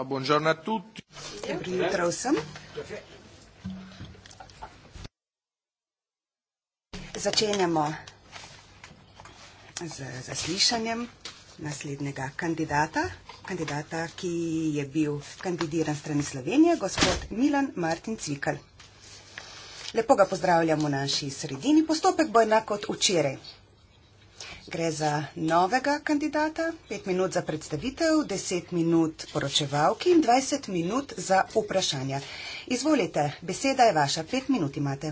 Ma buongiorno a tutti. Začenjamo z zaslišanjem naslednjega kandidata, kandidata, ki je bil kandidiran strani Slovenije, gospod Milan Martin Cvikal. Lepo ga pozdravljamo v naši sredini. Postopek bo enako kot včeraj. Gre za novega kandidata, 5 minut za predstavitev, 10 minut poročevalki in 20 minut za vprašanja. Izvolite, beseda je vaša, 5 minut imate.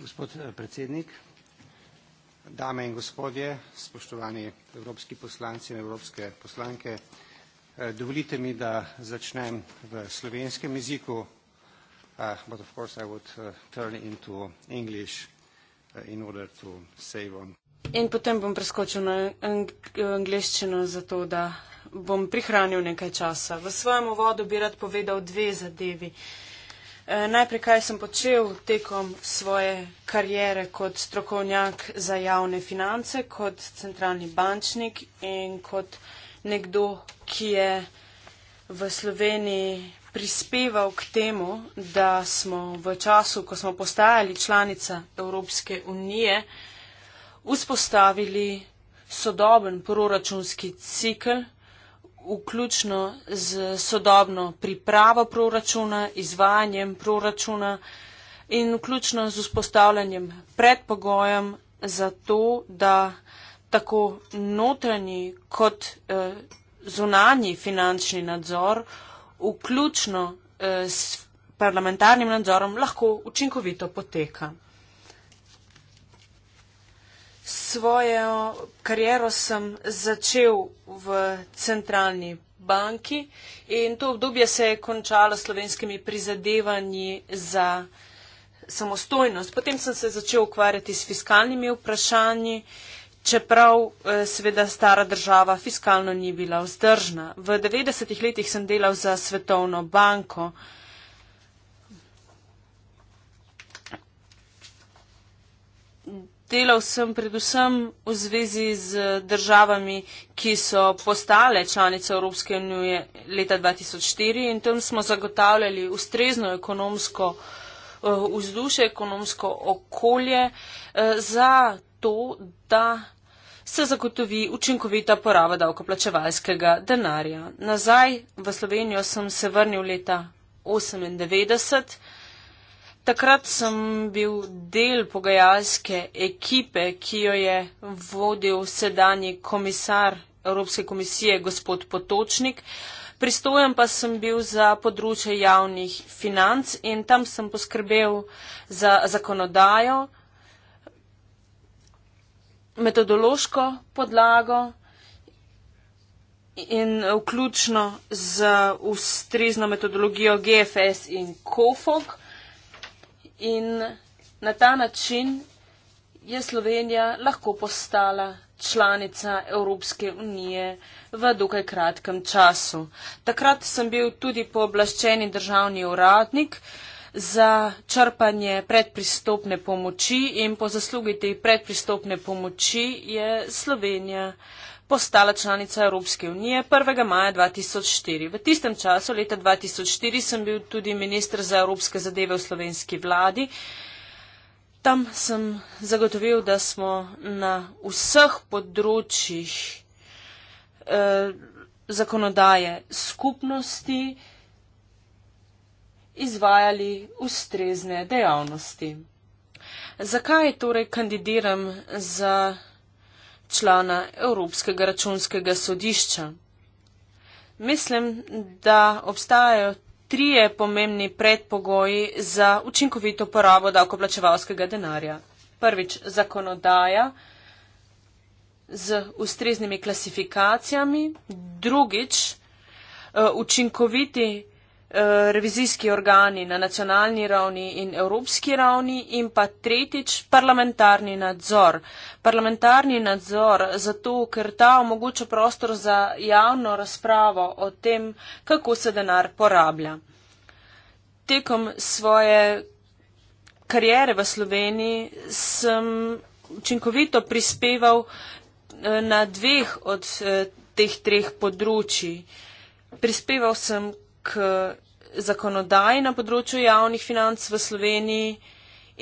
Gospod eh, predsednik, dame in gospodje, spoštovani evropski poslanci in evropske poslanke, eh, dovolite mi, da začnem v slovenskem jeziku. Uh, but of course I would uh, turn into English uh, in order to save on. In potem bom preskočil na angliščino, zato da bom prihranil nekaj časa. V svojem uvodu bi rad povedal dve zadevi. E, najprej, kaj sem počel tekom svoje karijere kot strokovnjak za javne finance, kot centralni bančnik in kot nekdo, ki je v Sloveniji prispeval k temu, da smo v času, ko smo postajali članica Evropske unije, vzpostavili sodoben proračunski cikl, vključno z sodobno pripravo proračuna, izvajanjem proračuna in vključno z vzpostavljanjem predpogojem za to, da tako notranji kot eh, zunanji finančni nadzor vključno eh, s parlamentarnim nadzorom, lahko učinkovito poteka. Svojo kariero sem začel v centralni banki in to obdobje se je končalo slovenskimi prizadevanji za samostojnost. Potem sem se začel ukvarjati s fiskalnimi vprašanji čeprav eh, seveda stara država fiskalno ni bila vzdržna. V 90-ih letih sem delal za Svetovno banko. Delal sem predvsem v zvezi z državami, ki so postale članice Evropske unije leta 2004 in tam smo zagotavljali ustrezno ekonomsko eh, vzdušje, ekonomsko okolje eh, za to, da se zagotovi učinkovita poraba davkoplačevalskega denarja. Nazaj v Slovenijo sem se vrnil leta 1998. Takrat sem bil del pogajalske ekipe, ki jo je vodil sedanji komisar Evropske komisije, gospod Potočnik. Pristojen pa sem bil za področje javnih financ in tam sem poskrbel za zakonodajo metodološko podlago in vključno z ustrezno metodologijo GFS in COFOG. In na ta način je Slovenija lahko postala članica Evropske unije v dokaj kratkem času. Takrat sem bil tudi pooblaščeni državni uradnik za črpanje predpristopne pomoči in po zaslugi te predpristopne pomoči je Slovenija postala članica Evropske unije 1. maja 2004. V tistem času, leta 2004, sem bil tudi minister za evropske zadeve v slovenski vladi. Tam sem zagotovil, da smo na vseh področjih eh, zakonodaje skupnosti eh, izvajali ustrezne dejavnosti. Zakaj torej kandidiram za člana Evropskega računskega sodišča? Mislim, da obstajajo trije pomembni predpogoji za učinkovito porabo davkoplačevalskega denarja. Prvič, zakonodaja z ustreznimi klasifikacijami, drugič, eh, učinkoviti Eh, revizijski organi na nacionalni ravni in evropski ravni in pa tretjič parlamentarni nadzor. Parlamentarni nadzor zato, ker ta omogoča prostor za javno razpravo o tem, kako se denar porablja. Tekom svoje kariere v Sloveniji sem učinkovito prispeval eh, na dveh od eh, teh treh področji. Prispeval sem k zakonodaji na področju javnih financ v Sloveniji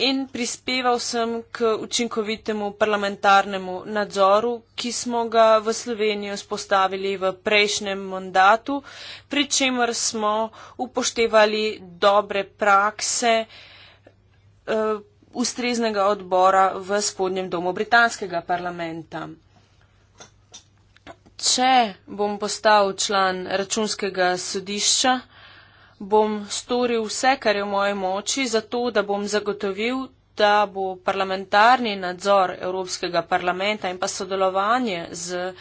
in prispeval sem k učinkovitemu parlamentarnemu nadzoru, ki smo ga v Sloveniji vzpostavili v prejšnjem mandatu, pri čemer smo upoštevali dobre prakse eh, ustreznega odbora v spodnjem domu britanskega parlamenta. Če bom postal član računskega sodišča, bom storil vse, kar je v moji moči, zato da bom zagotovil, da bo parlamentarni nadzor Evropskega parlamenta in pa sodelovanje z eh,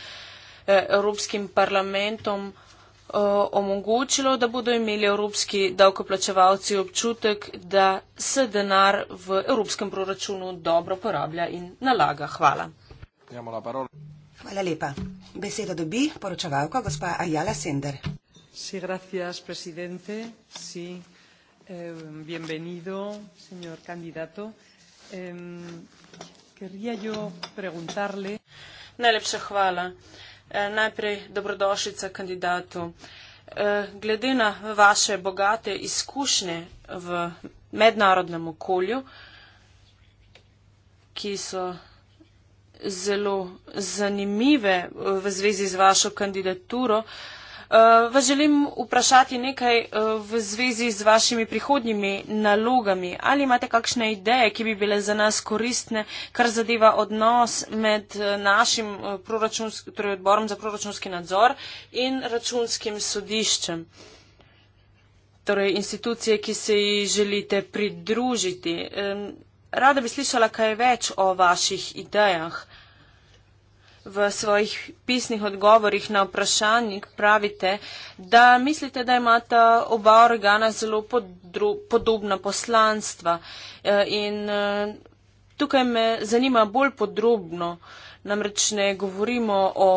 Evropskim parlamentom eh, omogočilo, da bodo imeli evropski davkoplačevalci občutek, da se denar v evropskem proračunu dobro porablja in nalaga. Hvala. Hvala lepa. Besedo dobi poročevalka gospa Ajala Sender. Sí, gracias, presidente. Sí, eh, bienvenido, señor candidato. Eh, querría yo preguntarle. Najlepša hvala. Eh, najprej dobrodošlica kandidatu. Eh, glede na vaše bogate izkušnje v mednarodnem okolju, ki so zelo zanimive eh, v zvezi z vašo kandidaturo. Uh, vas želim vprašati nekaj uh, v zvezi z vašimi prihodnjimi nalogami. Ali imate kakšne ideje, ki bi bile za nas koristne, kar zadeva odnos med našim torej odborom za proračunski nadzor in računskim sodiščem? Torej, institucije, ki se ji želite pridružiti. Um, Rada bi slišala kaj več o vaših idejah. V svojih pisnih odgovorih na vprašanjik pravite, da mislite, da imata oba organa zelo podobna poslanstva. E, in e, tukaj me zanima bolj podrobno, namreč ne govorimo o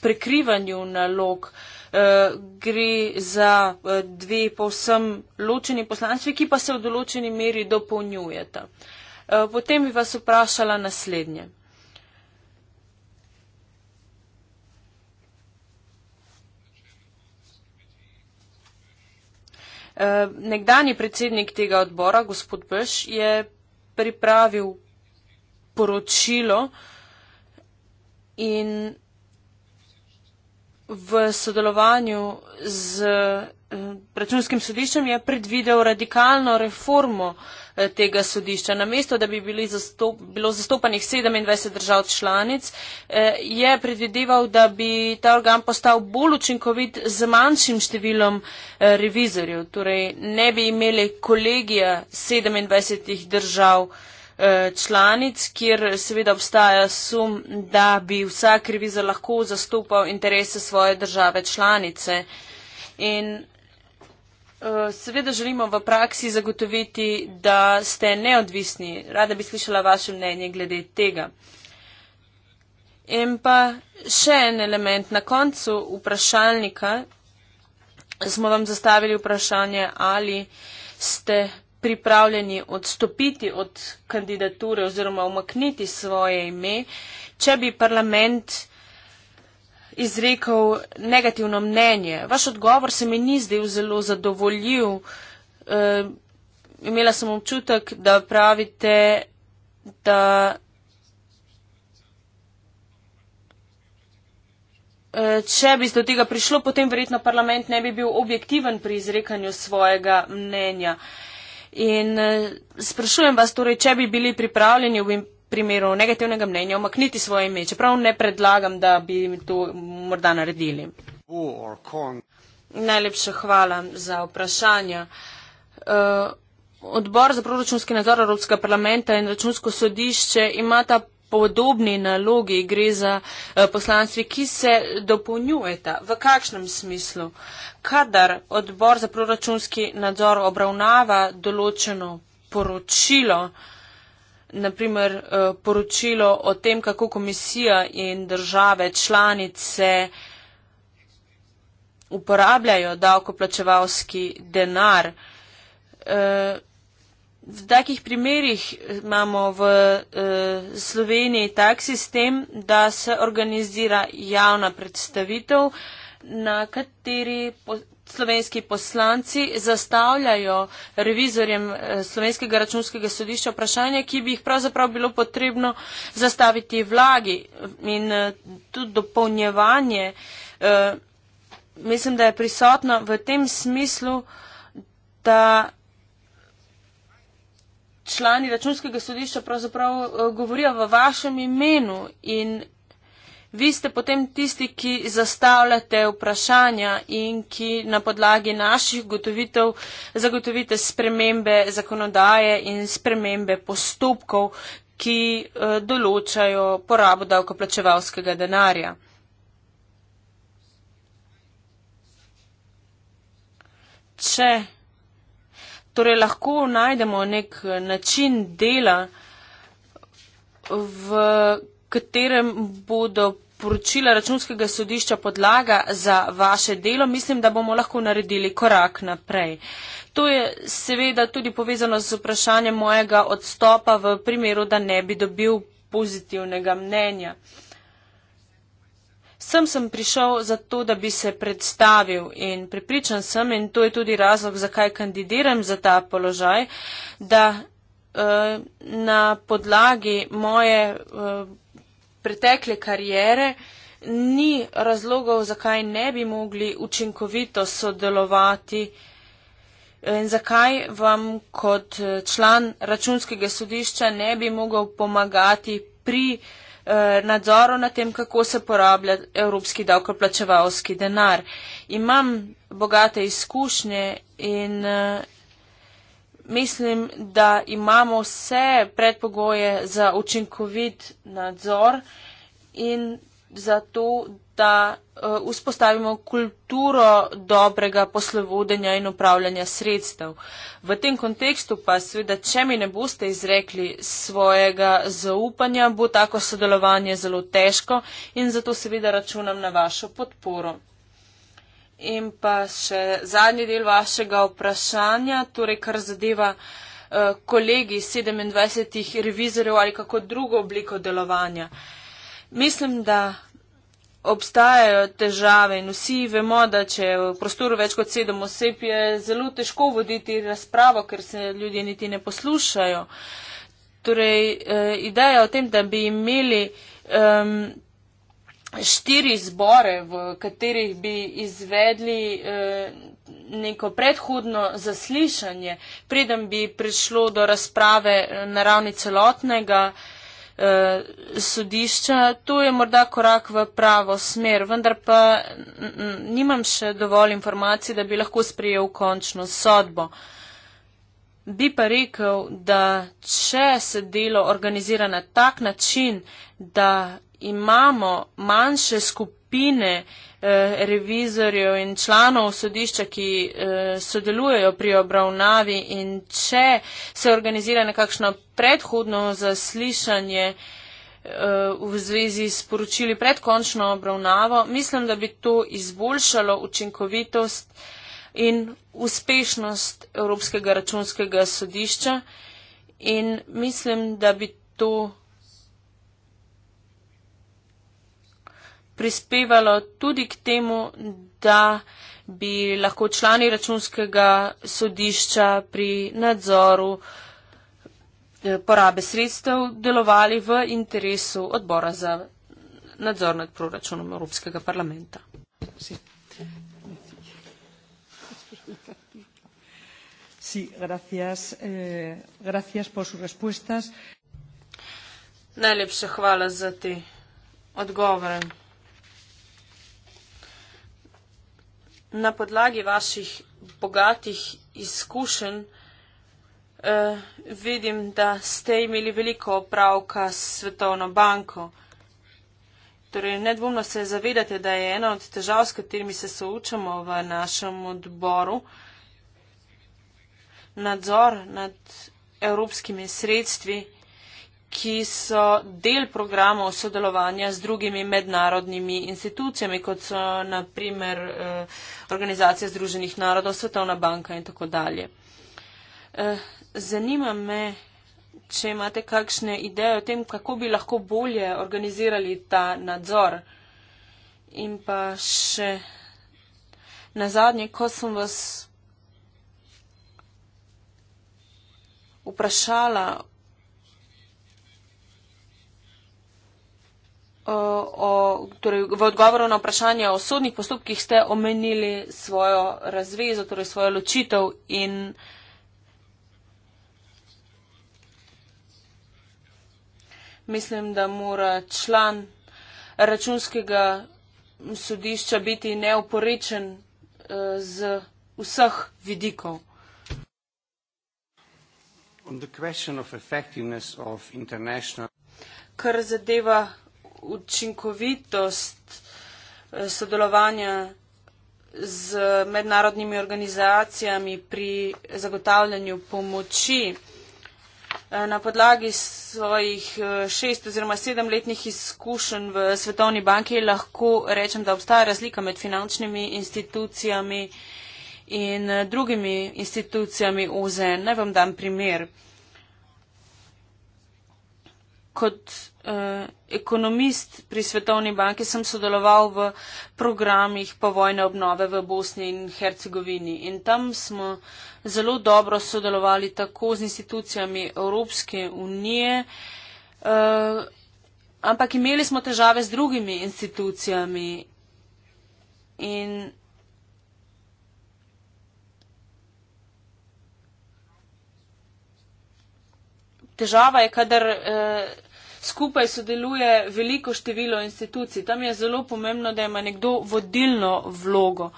prekrivanju nalog, e, gre za dve povsem ločeni poslanstvi, ki pa se v določeni meri dopolnjujeta. Eh, potem bi vas vprašala naslednje. Eh, nekdani predsednik tega odbora, gospod Bež, je pripravil poročilo in v sodelovanju z eh, računskim sodiščem je predvidel radikalno reformo eh, tega sodišča. Namesto, da bi bili zastop, bilo zastopanih 27 držav članic, eh, je predvideval, da bi ta organ postal bolj učinkovit z manjšim številom revizorjev. Torej, ne bi imeli kolegija 27 držav članic članic, kjer seveda obstaja sum, da bi vsak revizor lahko zastopal interese svoje države članice. In eh, seveda želimo v praksi zagotoviti, da ste neodvisni. Rada bi slišala vaše mnenje glede tega. In pa še en element na koncu vprašalnika. Smo vam zastavili vprašanje, ali ste pripravljeni odstopiti od kandidature oziroma omakniti svoje ime, če bi parlament izrekel negativno mnenje. Vaš odgovor se mi ni zdel zelo zadovoljiv. E, imela sem občutek, da pravite, da. Eh, če bi do tega prišlo, potem verjetno parlament ne bi bil objektiven pri izrekanju svojega mnenja. Uh, In eh, sprašujem vas, torej, če bi bili pripravljeni v primeru negativnega mnenja omakniti svoje ime, čeprav ne predlagam, da bi to morda naredili. Najlepša hvala za vprašanja. Eh, Odbor za proračunski nadzor Evropskega parlamenta in računsko sodišče imata podobni nalogi, gre za eh, poslanstvi, ki se dopolnjujeta. V kakšnem smislu? Kadar odbor za proračunski nadzor obravnava določeno poročilo, naprimer eh, poročilo o tem, kako komisija in države članice uporabljajo davkoplačevalski denar, eh, v takih primerih eh, imamo v eh, Sloveniji tak sistem, da se organizira javna predstavitev, na kateri slovenski poslanci zastavljajo revizorjem eh, slovenskega računskega sodišča vprašanja, ki bi jih pravzaprav bilo potrebno zastaviti vlagi in tudi dopolnjevanje. Mislim, da je prisotno v tem smislu, da člani računskega sodišča pravzaprav eh, govorijo v vašem imenu in vi ste potem tisti, ki zastavljate vprašanja in ki na podlagi naših gotovitev zagotovite spremembe zakonodaje in spremembe postopkov, ki eh, določajo porabo davkoplačevalskega denarja. Če Torej, lahko najdemo nek eh, način dela, v katerem bodo poročila računskega sodišča podlaga za vaše delo, mislim, da bomo lahko naredili korak naprej. To je seveda tudi povezano z vprašanjem mojega odstopa v primeru, da ne bi dobil pozitivnega mnenja. Sem sem prišel zato, da bi se predstavil in pripričan sem, in to je tudi razlog, zakaj kandidiram za ta položaj, da uh, na podlagi moje uh, pretekle karijere ni razlogov, zakaj ne bi mogli učinkovito sodelovati. In zakaj vam kot eh, član računskega sodišča ne bi mogel pomagati pri uh, Eh, nadzoru nad tem, kako se porablja evropski davkoplačevalski denar. Imam bogate izkušnje in eh, mislim, da imamo vse predpogoje za učinkovit nadzor in za to, da da uh, vzpostavimo kulturo dobrega poslovodenja in upravljanja sredstev. V tem kontekstu pa seveda, če mi ne boste izrekli svojega zaupanja, bo tako sodelovanje zelo težko in zato seveda računam na vašo podporo. In pa še zadnji del vašega vprašanja, torej kar zadeva eh, kolegi 27 revizorjev ali kako drugo obliko delovanja. Mislim, da obstajajo težave in vsi vemo, da če je v prostoru več kot sedem oseb, je zelo težko voditi razpravo, ker se ljudje niti ne poslušajo. Torej, eh, ideja o tem, da bi imeli um, štiri zbore, v katerih bi izvedli um, neko predhodno zaslišanje, preden bi prišlo do razprave eh, na ravni celotnega, Eh, sodišča. To je morda korak v pravo smer, vendar pa nimam še dovolj informacij, da bi lahko sprejel končno sodbo. Bi pa rekel, da če se delo organizira na tak način, da imamo manjše skupine, uh, Eh, revizorjev in članov sodišča, ki eh, sodelujejo pri obravnavi in če se organizira nekakšno predhodno zaslišanje eh, v zvezi s poročili pred končno obravnavo, mislim, da bi to izboljšalo učinkovitost in uspešnost Evropskega računskega sodišča in mislim, da bi to prispevalo tudi k temu, da bi lahko člani računskega sodišča pri nadzoru eh, porabe sredstev delovali v interesu odbora za nadzor nad proračunom Evropskega parlamenta. Sí, gracias, eh, gracias por sus respuestas. Najlepša hvala za te odgovore. na podlagi vaših bogatih izkušenj eh, vidim, da ste imeli veliko opravka s Svetovno banko. Torej, nedvomno se zavedate, da je ena od težav, s katerimi se soočamo v našem odboru, nadzor nad evropskimi sredstvi ki so del programov sodelovanja z drugimi mednarodnimi institucijami, kot so naprimer eh, Organizacija Združenih narodov, Svetovna banka in tako dalje. Eh, zanima me, če imate kakšne ideje o tem, kako bi lahko bolje organizirali ta nadzor. In pa še na zadnje, ko sem vas vprašala uh, o, torej, v odgovoru na vprašanje o sodnih postopkih ste omenili svojo razvezo, torej svojo ločitev in. Mislim, da mora član računskega sodišča biti neoporečen e, z vseh vidikov. Of of international... Kar zadeva učinkovitost eh, sodelovanja z mednarodnimi organizacijami pri zagotavljanju pomoči. Eh, na podlagi svojih eh, šest oziroma sedem letnih izkušenj v Svetovni banki lahko rečem, da obstaja razlika med finančnimi institucijami in drugimi institucijami UZN. Naj vam dam primer kot uh, ekonomist pri Svetovni banki sem sodeloval v programih povojne obnove v Bosni in Hercegovini. In tam smo zelo dobro sodelovali tako z institucijami Evropske unije, uh, ampak imeli smo težave z drugimi institucijami. In Težava je, kadar eh, skupaj sodeluje veliko število institucij. Tam je zelo pomembno, da ima nekdo vodilno vlogo.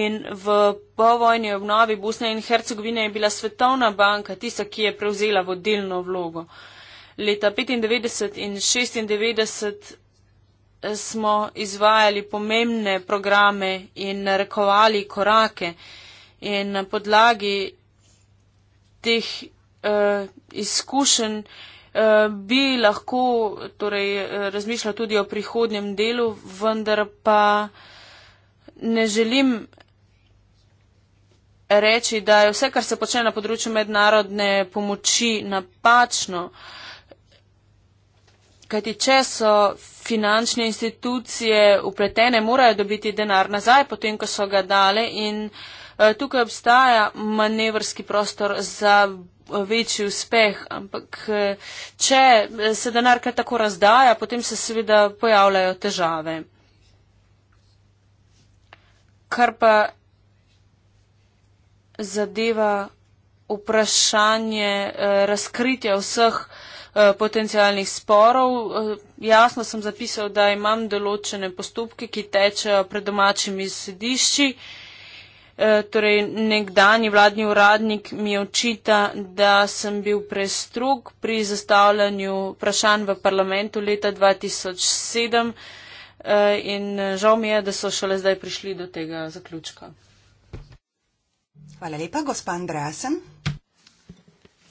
In v povojni obnovi Bosne in Hercegovine je bila Svetovna banka tista, ki je prevzela vodilno vlogo. Leta 95 in 96 eh, smo izvajali pomembne programe in narekovali korake. In na podlagi teh uh, izkušenj uh, Eh, bi lahko torej, eh, razmišljal tudi o prihodnjem delu, vendar pa ne želim reči, da je vse, kar se počne na področju mednarodne pomoči, napačno. Kajti, če so finančne institucije upletene, morajo dobiti denar nazaj, potem, ko so ga dale in eh, Tukaj obstaja manevrski prostor za večji uspeh, ampak eh, če se denar kar tako razdaja, potem se seveda pojavljajo težave. Kar pa zadeva vprašanje eh, razkritja vseh eh, potencijalnih sporov. Jasno sem zapisal, da imam določene postopke, ki tečejo pred domačimi sedišči. E, torej nekdani vladni uradnik mi očita, da sem bil prestrug pri zastavljanju vprašanj v parlamentu leta 2007 e, in e, žal mi je, da so šele zdaj prišli do tega zaključka. Hvala lepa, gospod Andreasen.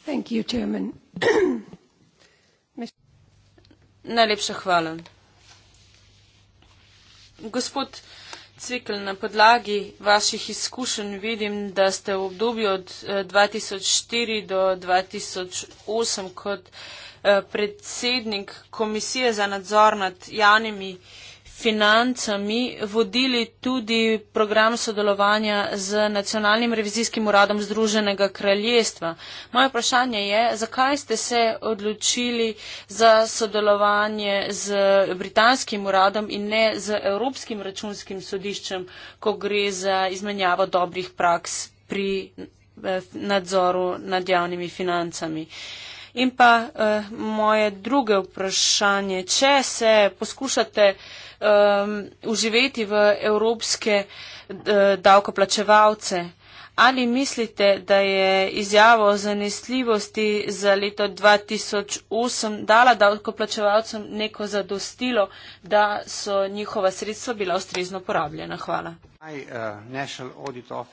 Thank you, chairman. Najlepša hvala. Gospod Cvikl, na podlagi vaših izkušenj vidim, da ste v obdobju od 2004 eh, do 2008 kot eh, predsednik Komisije za nadzor nad javnimi financami vodili tudi program sodelovanja z nacionalnim revizijskim uradom Združenega kraljestva. Moje vprašanje je, zakaj ste se odločili za sodelovanje z britanskim uradom in ne z Evropskim računskim sodiščem, ko gre za izmenjavo dobrih praks pri eh, nadzoru nad javnimi financami. Uh, In pa uh, moje druge vprašanje, če se poskušate um, uživeti v evropske eh, davkoplačevalce, ali mislite, da je izjava o zanesljivosti za leto 2008 dala davkoplačevalcem neko zadostilo, da so njihova sredstva bila ustrezno porabljena? Hvala. I, uh,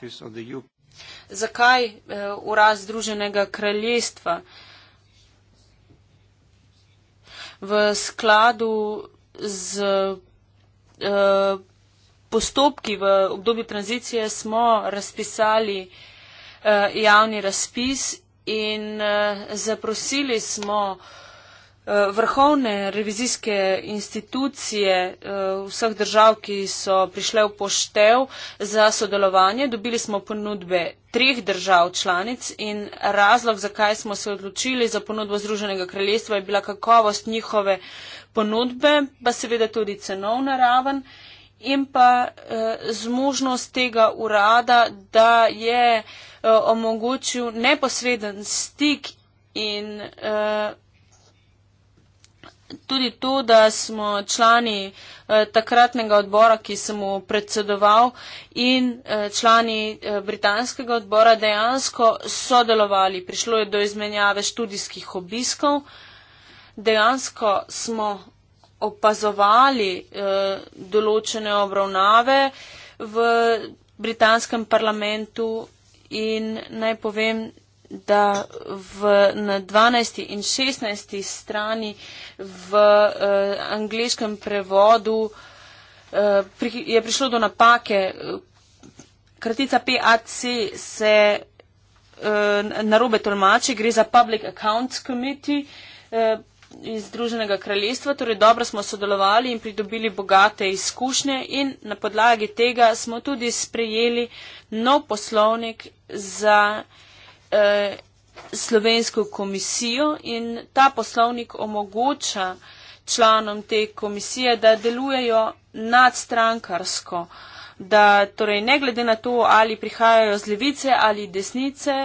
Zakaj uh, urad Združenega kraljestva uh, v skladu z uh, postopki v obdobju tranzicije smo razpisali uh, javni razpis in uh, zaprosili smo uh, Eh, vrhovne revizijske institucije eh, vseh držav, ki so prišle v poštev za sodelovanje. Dobili smo ponudbe treh držav članic in razlog, zakaj smo se odločili za ponudbo Združenega kraljestva, je bila kakovost njihove ponudbe, pa seveda tudi cenovna raven in pa eh, zmožnost tega urada, da je omogočil neposreden stik in tudi to, da smo člani eh, takratnega odbora, ki sem mu predsedoval, in eh, člani eh, britanskega odbora dejansko sodelovali. Prišlo je do izmenjave študijskih obiskov. Dejansko smo opazovali eh, določene obravnave v britanskem parlamentu in naj povem, da v, na 12. in 16. strani v uh, eh, angliškem prevodu uh, pri, je prišlo do napake. Kratica PAC se uh, narobe tolmači, gre za Public Accounts Committee uh, iz Združenega kraljestva, torej dobro smo sodelovali in pridobili bogate izkušnje in na podlagi tega smo tudi sprejeli nov poslovnik za. Eh, slovensko komisijo in ta poslovnik omogoča članom te komisije, da delujejo nadstrankarsko, da torej ne glede na to, ali prihajajo z levice ali desnice,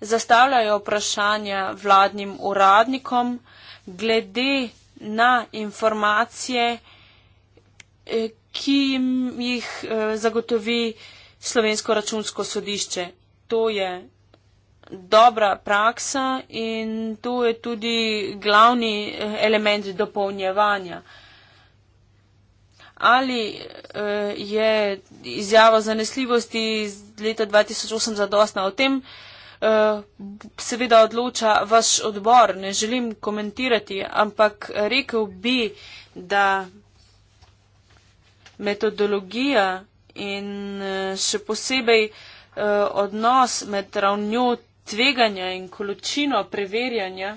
zastavljajo vprašanja vladnim uradnikom glede na informacije, eh, ki jim jih eh, zagotovi slovensko računsko sodišče. To je dobra praksa in to je tudi glavni element dopolnjevanja. Ali eh, je izjava zanesljivosti iz leta 2008 zadostna o tem, eh, seveda odloča vaš odbor, ne želim komentirati, ampak rekel bi, da metodologija in eh, še posebej odnos med ravnjo tveganja in količino preverjanja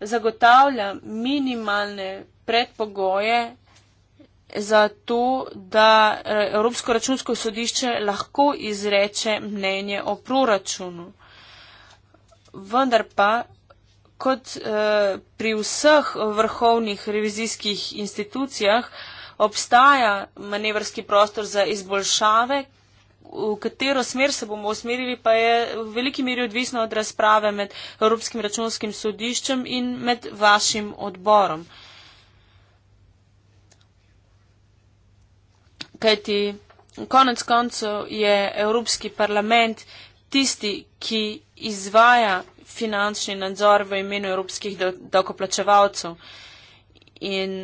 zagotavlja minimalne predpogoje za to, da eh, Evropsko računsko sodišče lahko izreče mnenje o proračunu. Vendar pa, kot eh, pri vseh vrhovnih revizijskih institucijah, obstaja manevrski prostor za izboljšave, v katero smer se bomo usmerili, pa je v veliki meri odvisno od razprave med Evropskim računskim sodiščem in med vašim odborom. Kajti konec koncev je Evropski parlament tisti, ki izvaja finančni nadzor v imenu evropskih davkoplačevalcev. In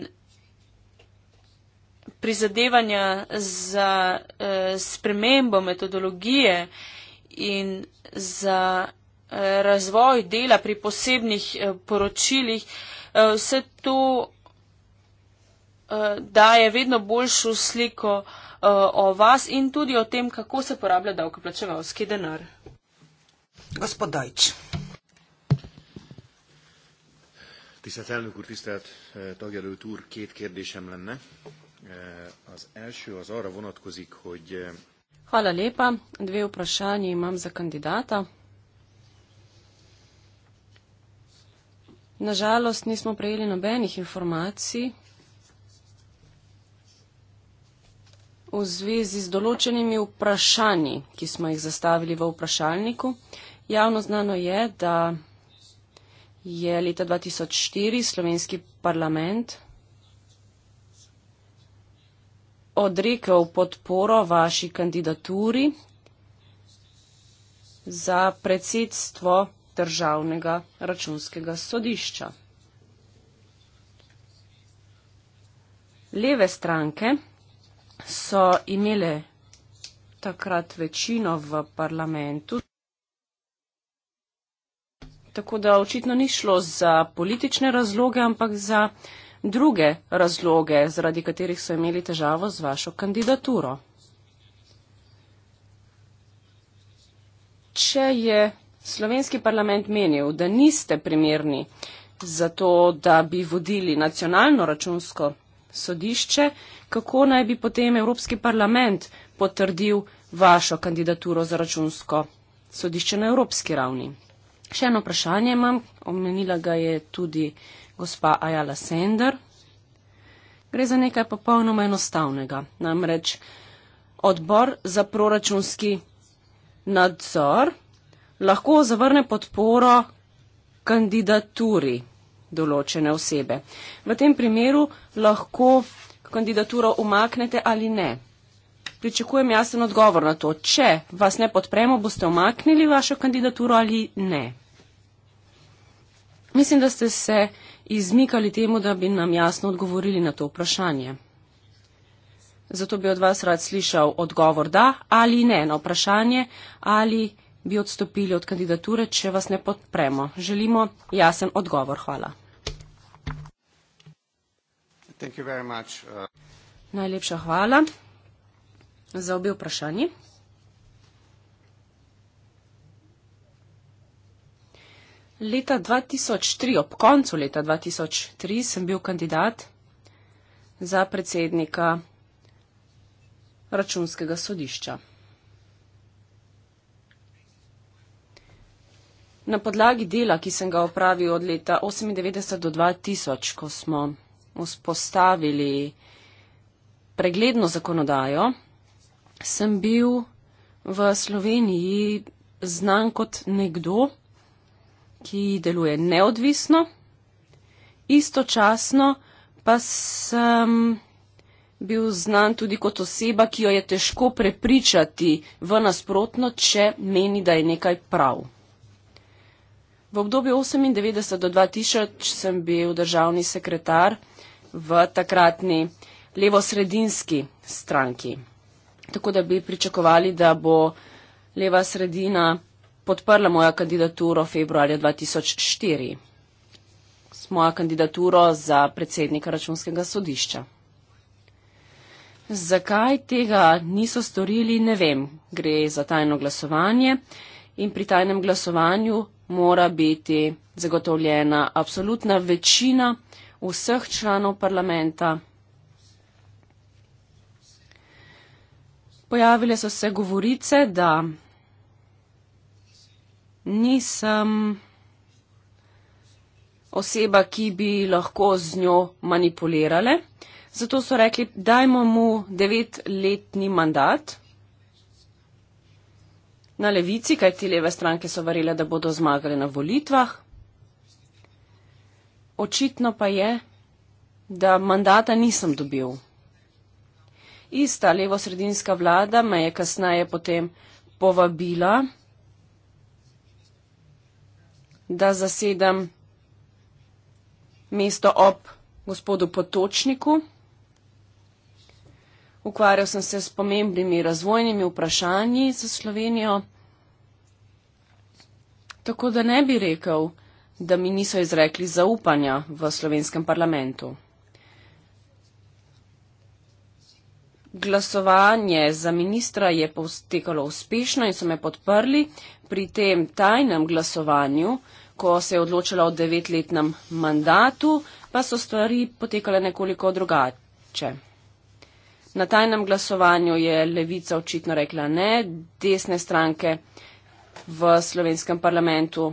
prizadevanja za eh, spremembo metodologije in za eh, razvoj dela pri posebnih eh, poročilih, eh, vse to eh, daje vedno boljšo sliko eh, o vas in tudi o tem, kako se porablja davkoplačevalski denar. Gospod Dajč. Tisztelt elnök úr, tisztelt eh, tagjelölt úr, két kérdésem lenne. Eh, az első az arra vonatkozik, hogy... Eh, Hvala lepa. Dve vprašanje imam za kandidata. Nažalost, nismo prejeli nobenih informacij v zvezi z določenimi vprašanji, ki smo jih zastavili v vprašalniku. Javno znano je, da je leta 2004 slovenski parlament odrekel podporo vaši kandidaturi za predsedstvo državnega računskega sodišča. Leve stranke so imele takrat večino v parlamentu, tako da očitno ni šlo za politične razloge, ampak za druge razloge, zaradi katerih so imeli težavo z vašo kandidaturo. Če je slovenski parlament menil, da niste primerni za to, da bi vodili nacionalno računsko sodišče, kako naj bi potem Evropski parlament potrdil vašo kandidaturo za računsko sodišče na evropski ravni? Še eno vprašanje imam, omenila ga je tudi uh, gospa Ajala Sender. Gre za nekaj popolnoma enostavnega. Namreč odbor za proračunski nadzor lahko zavrne podporo kandidaturi določene osebe. V tem primeru lahko kandidaturo umaknete ali ne. Pričakujem jasen odgovor na to. Če vas ne podpremo, boste umaknili vašo kandidaturo ali ne. Mislim, da ste se izmikali temu, da bi nam jasno odgovorili na to vprašanje. Zato bi od vas rad slišal odgovor da ali ne na vprašanje, ali bi odstopili od kandidature, če vas ne podpremo. Želimo jasen odgovor. Hvala. Much, uh... Najlepša hvala za obe vprašanje. Leta 2003, ob koncu leta 2003, sem bil kandidat za predsednika računskega sodišča. Na podlagi dela, ki sem ga opravil od leta 1998 do 2000, ko smo vzpostavili pregledno zakonodajo, sem bil v Sloveniji znan kot nekdo, ki deluje neodvisno, istočasno pa sem bil znan tudi kot oseba, ki jo je težko prepričati v nasprotno, če meni, da je nekaj prav. V obdobju 98 do 2000 sem bil državni sekretar v takratni levosredinski stranki. Tako da bi pričakovali, da bo leva sredina podprla mojo kandidaturo februarja 2004 s mojo kandidaturo za predsednika računskega sodišča. Zakaj tega niso storili, ne vem. Gre za tajno glasovanje in pri tajnem glasovanju mora biti zagotovljena absolutna večina vseh članov parlamenta. Pojavile so se govorice, da nisem oseba, ki bi lahko z njo manipulirale. Zato so rekli, dajmo mu devetletni mandat na levici, kaj ti leve stranke so varile, da bodo zmagali na volitvah. Očitno pa je, da mandata nisem dobil. Ista levo-sredinska vlada me je kasneje potem povabila da zasedam mesto ob gospodu Potočniku. Ukvarjal sem se s pomembnimi razvojnimi vprašanji za Slovenijo. Tako da ne bi rekel, da mi niso izrekli zaupanja v slovenskem parlamentu. Glasovanje za ministra je potekalo uspešno in so me podprli pri tem tajnem glasovanju, ko se je odločila o devetletnem mandatu, pa so stvari potekale nekoliko drugače. Na tajnem glasovanju je levica očitno rekla ne, desne stranke v slovenskem parlamentu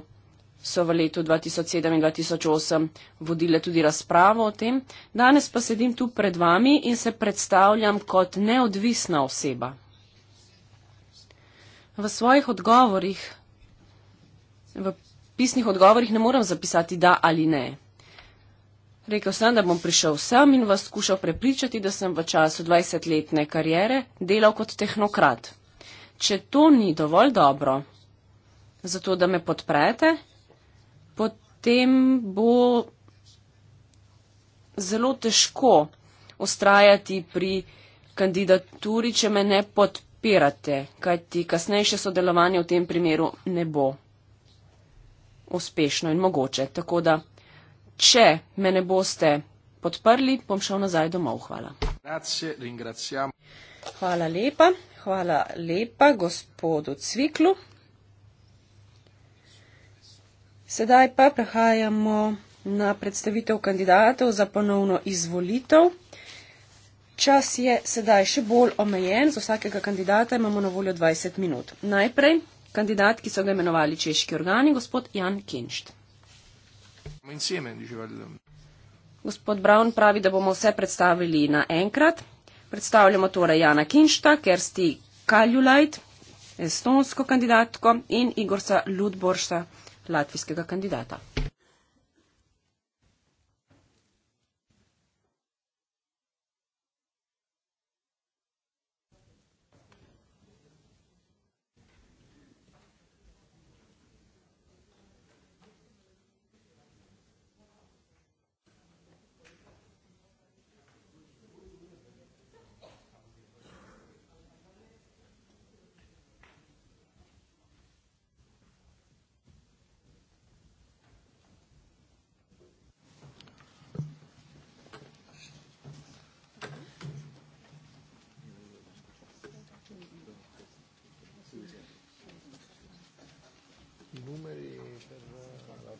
so v letu 2007 in 2008 vodile tudi razpravo o tem. Danes pa sedim tu pred vami in se predstavljam kot neodvisna oseba. V svojih odgovorih v pisnih odgovorih ne morem zapisati da ali ne. Rekel sem, da bom prišel sem in vas skušal prepričati, da sem v času 20-letne kariere delal kot tehnokrat. Če to ni dovolj dobro, zato da me podprete, potem bo zelo težko ustrajati pri kandidaturi, če me ne podprete, kajti kasnejše sodelovanje v tem primeru ne bo uspešno in mogoče. Tako da, če me ne boste podprli, bom šel nazaj domov. Hvala. Hvala lepa, hvala lepa gospodu Cviklu. Sedaj pa prehajamo na predstavitev kandidatov za ponovno izvolitev. Čas je sedaj še bolj omejen, za vsakega kandidata imamo na voljo 20 minut. Najprej Kandidat, ki so ga imenovali češki organi, gospod Jan Kinšt. Gospod Braun pravi, da bomo vse predstavili naenkrat. Predstavljamo torej Jana Kinšta, Kersti Kaljulajt, estonsko kandidatko in Igorsa Ludboršta, latvijskega kandidata.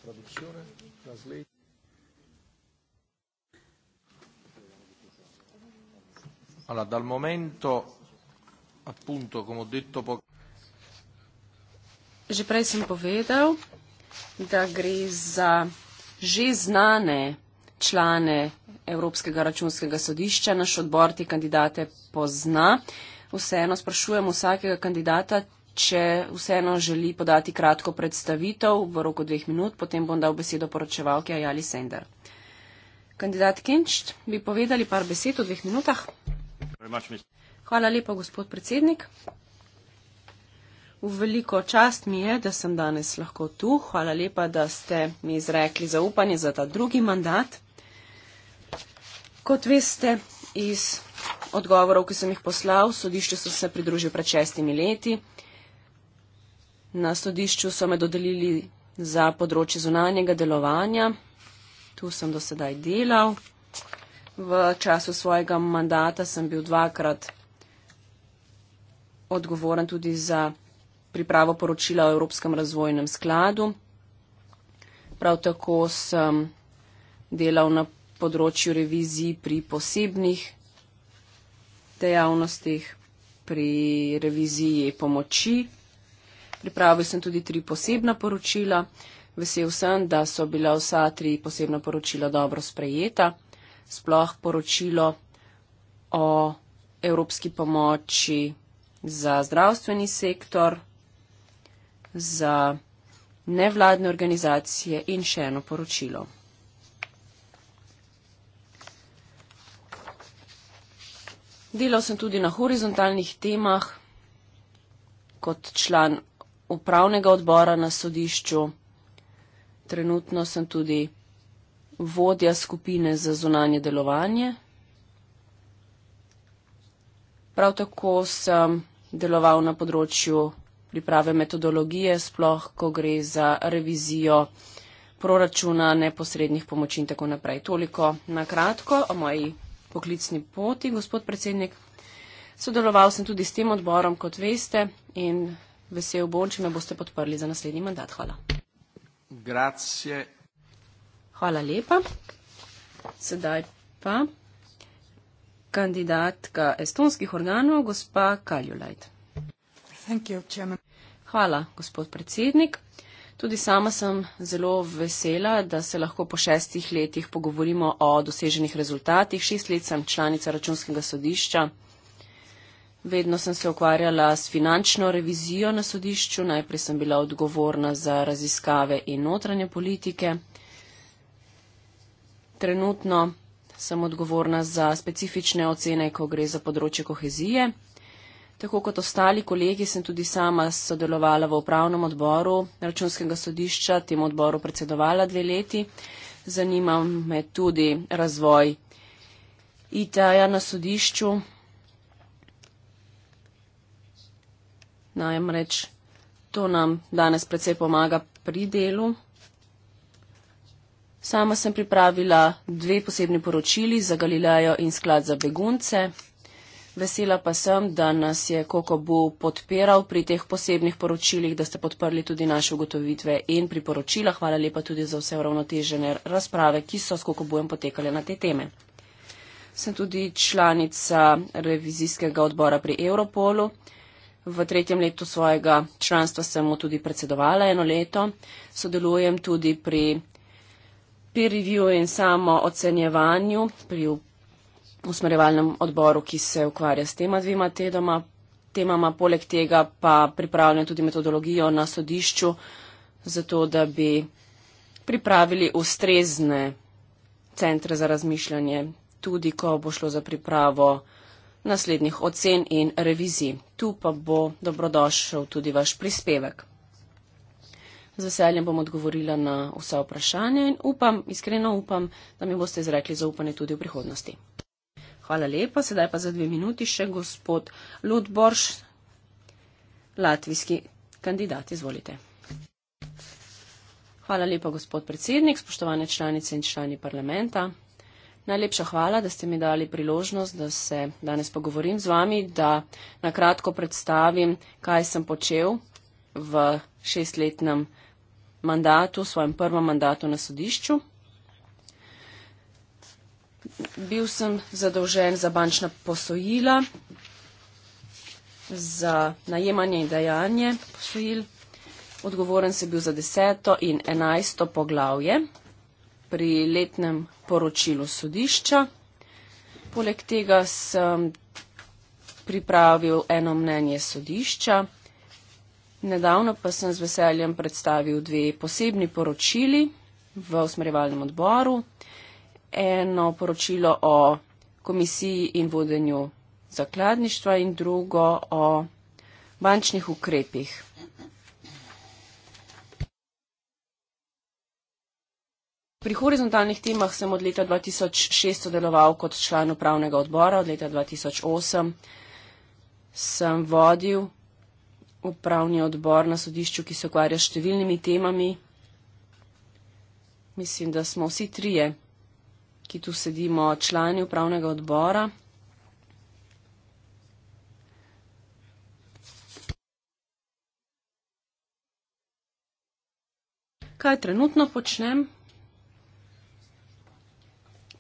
traduzione, translate. Allora, dal momento, appunto, come ho detto poco... Že prej sem povedal, da gre za že znane člane Evropskega računskega sodišča. Naš odbor te kandidate pozna. Vseeno sprašujem vsakega kandidata, če vseeno želi podati kratko predstavitev v roku dveh minut, potem bom dal besedo poročevalki Ajali Sender. Kandidat Kenčt, bi povedali par besed v dveh minutah? Hvala lepa, gospod predsednik. V veliko čast mi je, da sem danes lahko tu. Hvala lepa, da ste mi izrekli zaupanje za ta drugi mandat. Kot veste iz odgovorov, ki sem jih poslal, sodišče so se pridružili pred šestimi leti. Na sodišču so me dodelili za področje zunanjega delovanja. Tu sem do sedaj delal. V času svojega mandata sem bil dvakrat odgovoren tudi za pripravo poročila o Evropskem razvojnem skladu. Prav tako sem delal na področju reviziji pri posebnih dejavnostih, pri reviziji pomoči. Pripravil sem tudi tri posebna poročila. Vesel sem, da so bila vsa tri posebna poročila dobro sprejeta. Sploh poročilo o evropski pomoči za zdravstveni sektor, za nevladne organizacije in še eno poročilo. Delal sem tudi na horizontalnih temah kot član upravnega odbora na sodišču. Trenutno sem tudi vodja skupine za zunanje delovanje. Prav tako sem deloval na področju priprave metodologije, sploh ko gre za revizijo proračuna, neposrednih pomoči in tako naprej. Toliko na kratko o moji poklicni poti, gospod predsednik. Sodeloval sem tudi s tem odborom, kot veste, in Vesel bom, če me boste podprli za naslednji mandat. Hvala. Grazie. Hvala lepa. Sedaj pa kandidatka estonskih organov, gospa Kaljulajt. Hvala, gospod predsednik. Tudi sama sem zelo vesela, da se lahko po šestih letih pogovorimo o doseženih rezultatih. Šest let sem članica računskega sodišča. Vedno sem se ukvarjala s finančno revizijo na sodišču, najprej sem bila odgovorna za raziskave in notranje politike. Trenutno sem odgovorna za specifične ocene, ko gre za področje kohezije. Tako kot ostali kolegi sem tudi sama sodelovala v upravnem odboru računskega sodišča, tem odboru predsedovala dve leti. Zanima me tudi razvoj ITA-ja na sodišču, Namreč to nam danes precej pomaga pri delu. Sama sem pripravila dve posebni poročili za Galilejo in sklad za begunce. Vesela pa sem, da nas je Koko Bu podpiral pri teh posebnih poročilih, da ste podprli tudi naše ugotovitve in priporočila. Hvala lepa tudi za vse ravnotežene razprave, ki so s Koko Bujem potekale na te teme. Sem tudi članica revizijskega odbora pri Europolu. V tretjem letu svojega članstva sem mu tudi predsedovala eno leto. Sodelujem tudi pri peer review in samo ocenjevanju pri usmerjevalnem odboru, ki se ukvarja s tema dvima tedoma, temama. Poleg tega pa pripravljam tudi metodologijo na sodišču, zato da bi pripravili ustrezne centre za razmišljanje, tudi ko bo šlo za pripravo naslednjih ocen in revizij. Tu pa bo dobrodošel tudi vaš prispevek. Z veseljem bom odgovorila na vse vprašanje in upam, iskreno upam, da mi boste izrekli zaupanje tudi v prihodnosti. Hvala lepa, sedaj pa za dve minuti še gospod Ludborš, latvijski kandidat, izvolite. Hvala lepa, gospod predsednik, spoštovane članice in člani parlamenta. Najlepša hvala, da ste mi dali priložnost, da se danes pogovorim z vami, da nakratko predstavim, kaj sem počel v šestletnem mandatu, svojem prvem mandatu na sodišču. Bil sem zadolžen za bančna posojila, za najemanje in dajanje posojil. Odgovoren sem bil za deseto in enajsto poglavje pri letnem poročilu sodišča. Poleg tega sem pripravil eno mnenje sodišča. Nedavno pa sem z veseljem predstavil dve posebni poročili v usmerjevalnem odboru. Eno poročilo o komisiji in vodenju zakladništva in drugo o bančnih ukrepih. Pri horizontalnih temah sem od leta 2006 sodeloval kot član upravnega odbora, od leta 2008 sem vodil upravni odbor na sodišču, ki se ukvarja s številnimi temami. Mislim, da smo vsi trije, ki tu sedimo, člani upravnega odbora. Kaj trenutno počnem?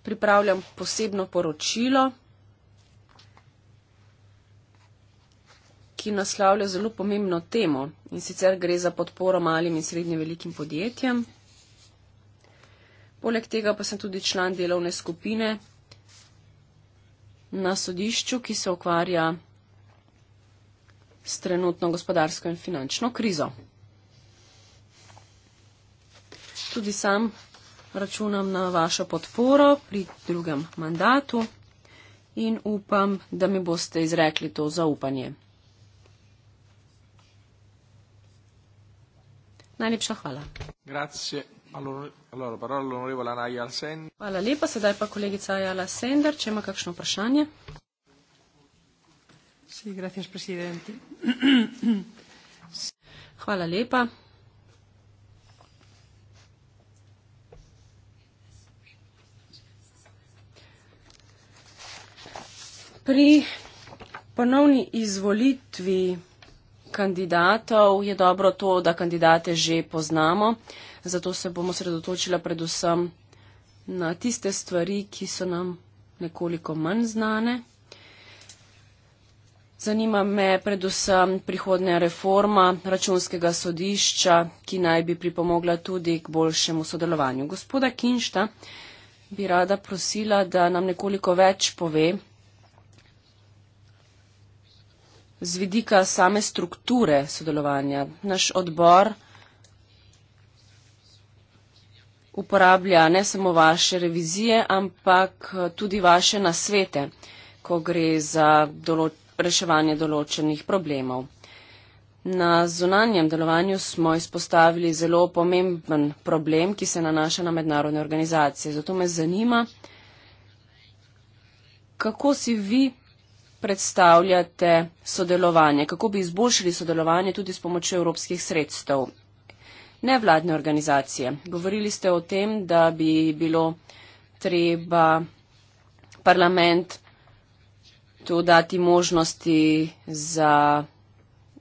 pripravljam posebno poročilo, ki naslavlja zelo pomembno temo in sicer gre za podporo malim in srednje velikim podjetjem. Poleg tega pa sem tudi član delovne skupine na sodišču, ki se ukvarja s trenutno gospodarsko in finančno krizo. Tudi sam računam na vašo podporo pri drugem mandatu in upam, da mi boste izrekli to zaupanje. Najlepša hvala. Grazie. Allora, parola, hvala lepa, sedaj pa kolegica Ajala Sender, če ima kakšno vprašanje. Sí, gracias, hvala lepa. pri ponovni izvolitvi kandidatov je dobro to, da kandidate že poznamo, zato se bomo sredotočila predvsem na tiste stvari, ki so nam nekoliko manj znane. Zanima me predvsem prihodnja reforma računskega sodišča, ki naj bi pripomogla tudi k boljšemu sodelovanju. Gospoda Kinšta bi rada prosila, da nam nekoliko več pove z vidika same strukture sodelovanja. Naš odbor uporablja ne samo vaše revizije, ampak eh, tudi vaše nasvete, ko gre za določ reševanje določenih problemov. Na zunanjem delovanju smo izpostavili zelo pomemben problem, ki se nanaša na mednarodne organizacije. Zato me zanima, kako si vi predstavljate sodelovanje, kako bi izboljšali sodelovanje tudi s pomočjo evropskih sredstev? Nevladne organizacije. Govorili ste o tem, da bi bilo treba parlament tu dati možnosti za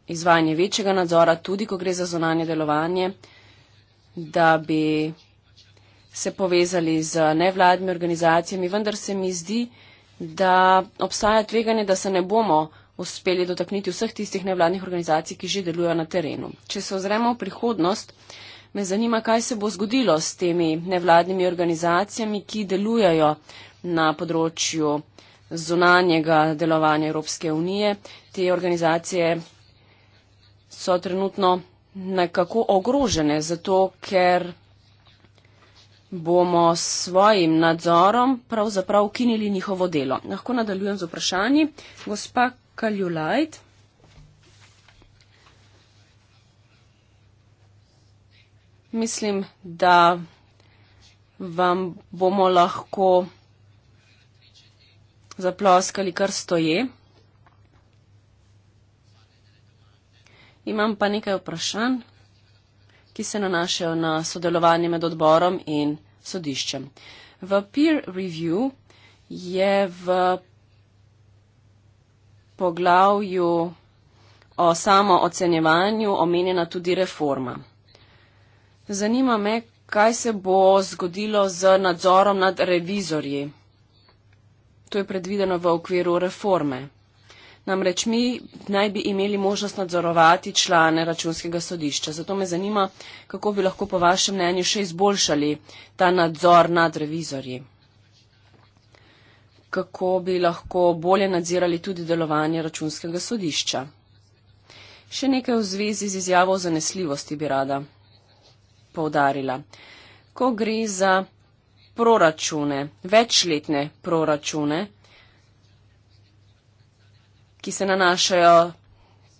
izvajanje večjega nadzora, tudi ko gre za zonanje delovanje, da bi se povezali z nevladnimi organizacijami, vendar se mi zdi, da obstaja tveganje, da se ne bomo uspeli dotakniti vseh tistih nevladnih organizacij, ki že delujejo na terenu. Če se ozremo v prihodnost, me zanima, kaj se bo zgodilo s temi nevladnimi organizacijami, ki delujejo na področju zunanjega delovanja Evropske unije. Te organizacije so trenutno nekako ogrožene, zato ker bomo s svojim nadzorom pravzaprav ukinili njihovo delo. Lahko nadaljujem z vprašanji. Gospa Kaljulajt. Mislim, da vam bomo lahko zaploskali kar stoje. Imam pa nekaj vprašanj ki se nanašajo na sodelovanje med odborom in sodiščem. V peer review je v poglavju o samo ocenjevanju omenjena tudi reforma. Zanima me, kaj se bo zgodilo z nadzorom nad revizorji. To je predvideno v okviru reforme. Namreč mi naj bi imeli možnost nadzorovati člane računskega sodišča. Zato me zanima, kako bi lahko po vašem mnenju še izboljšali ta nadzor nad revizorji. Kako bi lahko bolje nadzirali tudi delovanje računskega sodišča. Še nekaj v zvezi z izjavo o zanesljivosti bi rada poudarila. Ko gre za proračune, večletne proračune, ki se nanašajo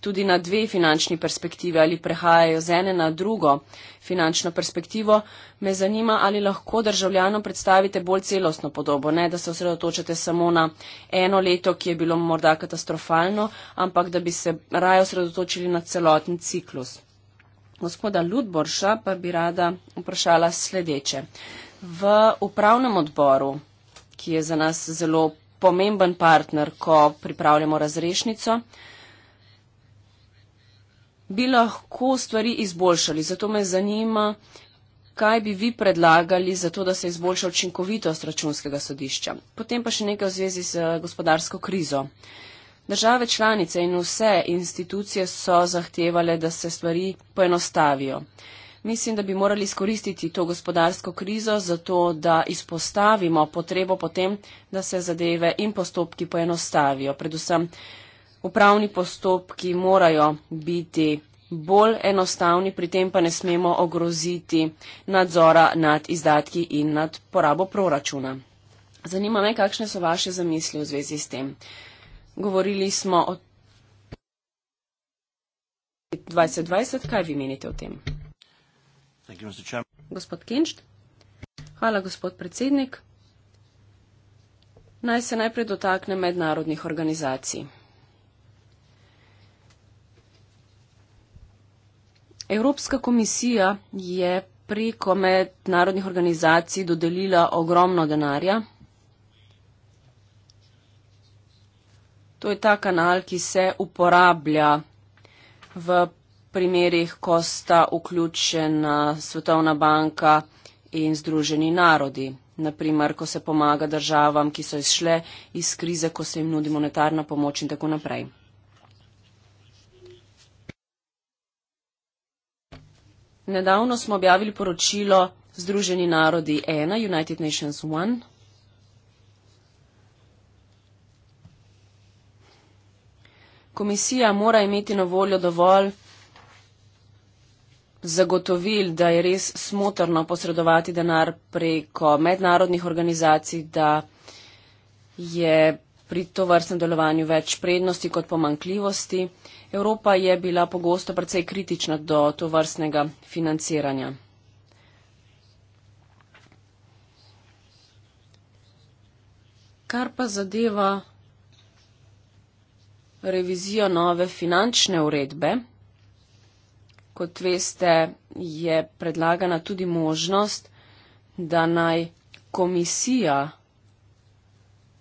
tudi na dve finančni perspektive ali prehajajo z ene na drugo finančno perspektivo, me zanima, ali lahko državljanom predstavite bolj celostno podobo, ne da se osredotočate samo na eno leto, ki je bilo morda katastrofalno, ampak da bi se raje osredotočili na celoten ciklus. Gospoda Ludborša pa bi rada vprašala sledeče. V upravnem odboru, ki je za nas zelo pomemben partner, ko pripravljamo razrešnico, bi lahko stvari izboljšali. Zato me zanima, kaj bi vi predlagali za to, da se izboljša učinkovitost računskega sodišča. Potem pa še nekaj v zvezi z eh, gospodarsko krizo. Države članice in vse institucije so zahtevale, da se stvari poenostavijo mislim, da bi morali izkoristiti to gospodarsko krizo za to, da izpostavimo potrebo potem, da se zadeve in postopki poenostavijo. Predvsem upravni postopki morajo biti bolj enostavni, pri tem pa ne smemo ogroziti nadzora nad izdatki in nad porabo proračuna. Zanima me, kakšne so vaše zamisli v zvezi s tem. Govorili smo o 2020, kaj vi menite o tem? Gospod Kenšt. Hvala, gospod predsednik. Naj se najprej dotakne mednarodnih organizacij. Evropska komisija je preko mednarodnih organizacij dodelila ogromno denarja. To je ta kanal, ki se uporablja v primerih, ko sta vključena Svetovna banka in Združeni narodi. Naprimer, ko se pomaga državam, ki so izšle iz krize, ko se jim nudi monetarna pomoč in tako naprej. Nedavno smo objavili poročilo Združeni narodi 1, United Nations 1. Komisija mora imeti na voljo dovolj zagotovili, da je res smotrno posredovati denar preko mednarodnih organizacij, da je pri to vrstnem delovanju več prednosti kot pomankljivosti. Evropa je bila pogosto precej kritična do to vrstnega financiranja. Kar pa zadeva revizijo nove finančne uredbe, kot veste, je predlagana tudi možnost, da naj komisija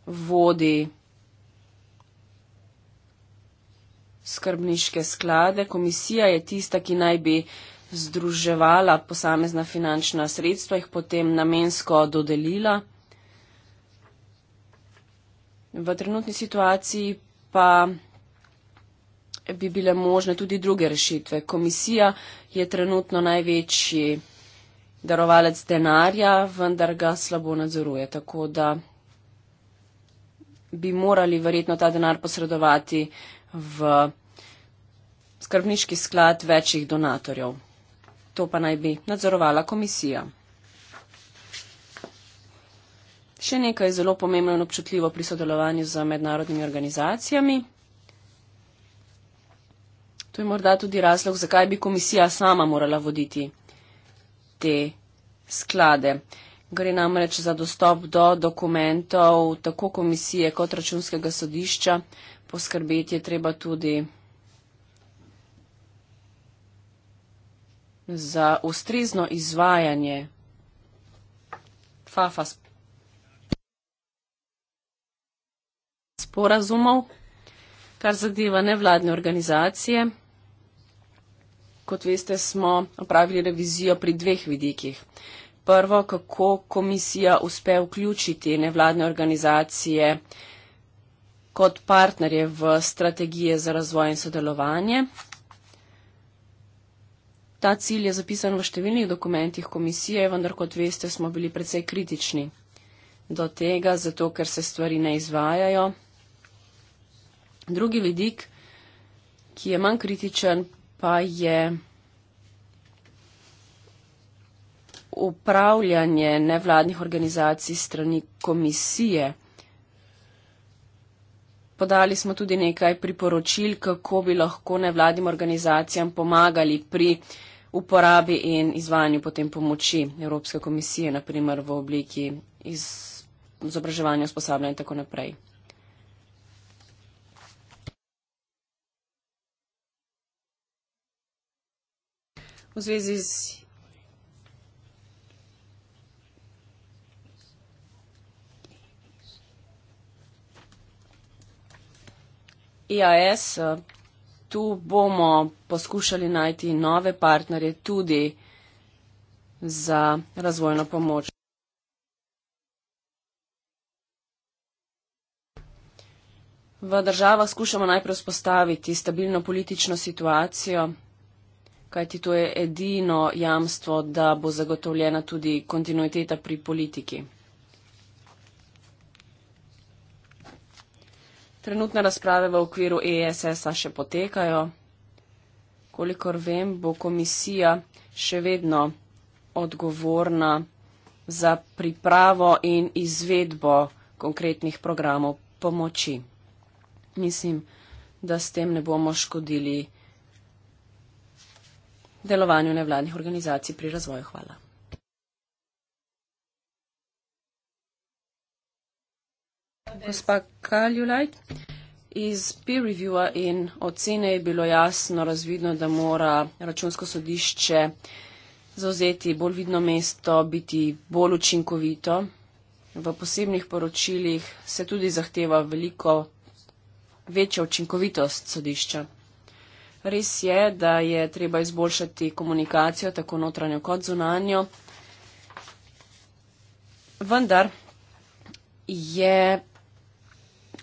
vodi skrbniške sklade. Komisija je tista, ki naj bi združevala posamezna finančna sredstva, jih potem namensko dodelila. V trenutni situaciji pa bi bile možne tudi druge rešitve. Komisija je trenutno največji darovalec denarja, vendar ga slabo nadzoruje, tako da bi morali verjetno ta denar posredovati v skrbniški sklad večjih donatorjev. To pa naj bi nadzorovala komisija. Še nekaj zelo pomembno in občutljivo pri sodelovanju z mednarodnimi organizacijami. To je morda tudi razlog, zakaj bi komisija sama morala voditi te sklade. Gre namreč za dostop do dokumentov tako komisije kot računskega sodišča. Poskrbeti je treba tudi za ustrezno izvajanje FAFA sporazumov, kar zadeva nevladne organizacije kot veste, smo opravili revizijo pri dveh vidikih. Prvo, kako komisija uspe vključiti nevladne organizacije kot partnerje v strategije za razvoj in sodelovanje. Ta cilj je zapisan v številnih dokumentih komisije, vendar kot veste, smo bili precej kritični do tega, zato ker se stvari ne izvajajo. Drugi vidik, ki je manj kritičen, pa je upravljanje nevladnih organizacij strani komisije. Podali smo tudi nekaj priporočil, kako bi lahko nevladnim organizacijam pomagali pri uporabi in izvajanju potem pomoči Evropske komisije, naprimer v obliki izobraževanja, usposabljanja in tako naprej. v zvezi z IAS. E eh, tu bomo poskušali najti nove partnerje tudi za razvojno pomoč. V državah skušamo najprej vzpostaviti stabilno politično situacijo, kajti to je edino jamstvo, da bo zagotovljena tudi kontinuiteta pri politiki. Trenutne razprave v okviru ESS-a še potekajo. Kolikor vem, bo komisija še vedno odgovorna za pripravo in izvedbo konkretnih programov pomoči. Mislim, da s tem ne bomo škodili delovanju nevladnih organizacij pri razvoju. Hvala. Gospa Kaljulaj, iz peer reviewa in ocene je bilo jasno razvidno, da mora računsko sodišče zauzeti bolj vidno mesto, biti bolj učinkovito. V posebnih poročilih se tudi zahteva veliko večja učinkovitost sodišča. Res je, da je treba izboljšati komunikacijo, tako notranjo kot zunanjo. Vendar je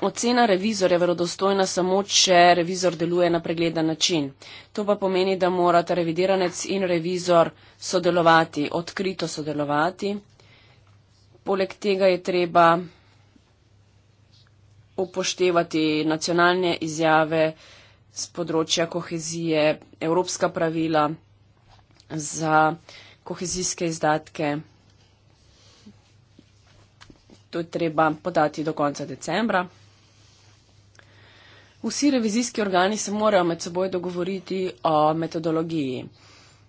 ocena revizorja verodostojna samo, če revizor deluje na pregleden način. To pa pomeni, da morata revideranec in revizor sodelovati, odkrito sodelovati. Poleg tega je treba upoštevati nacionalne izjave, z področja kohezije, evropska pravila za kohezijske izdatke. To je treba podati do konca decembra. Vsi revizijski organi se morajo med seboj dogovoriti o metodologiji.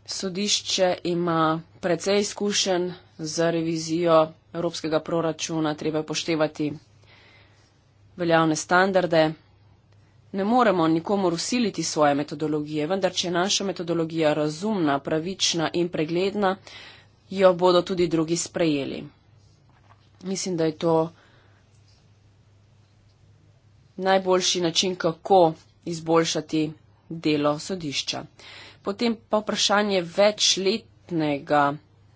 Sodišče ima precej izkušen z revizijo evropskega proračuna, treba poštevati veljavne standarde. Ne moremo nikomor usiliti svoje metodologije, vendar če je naša metodologija razumna, pravična in pregledna, jo bodo tudi drugi sprejeli. Mislim, da je to najboljši način, kako izboljšati delo sodišča. Potem pa vprašanje večletnega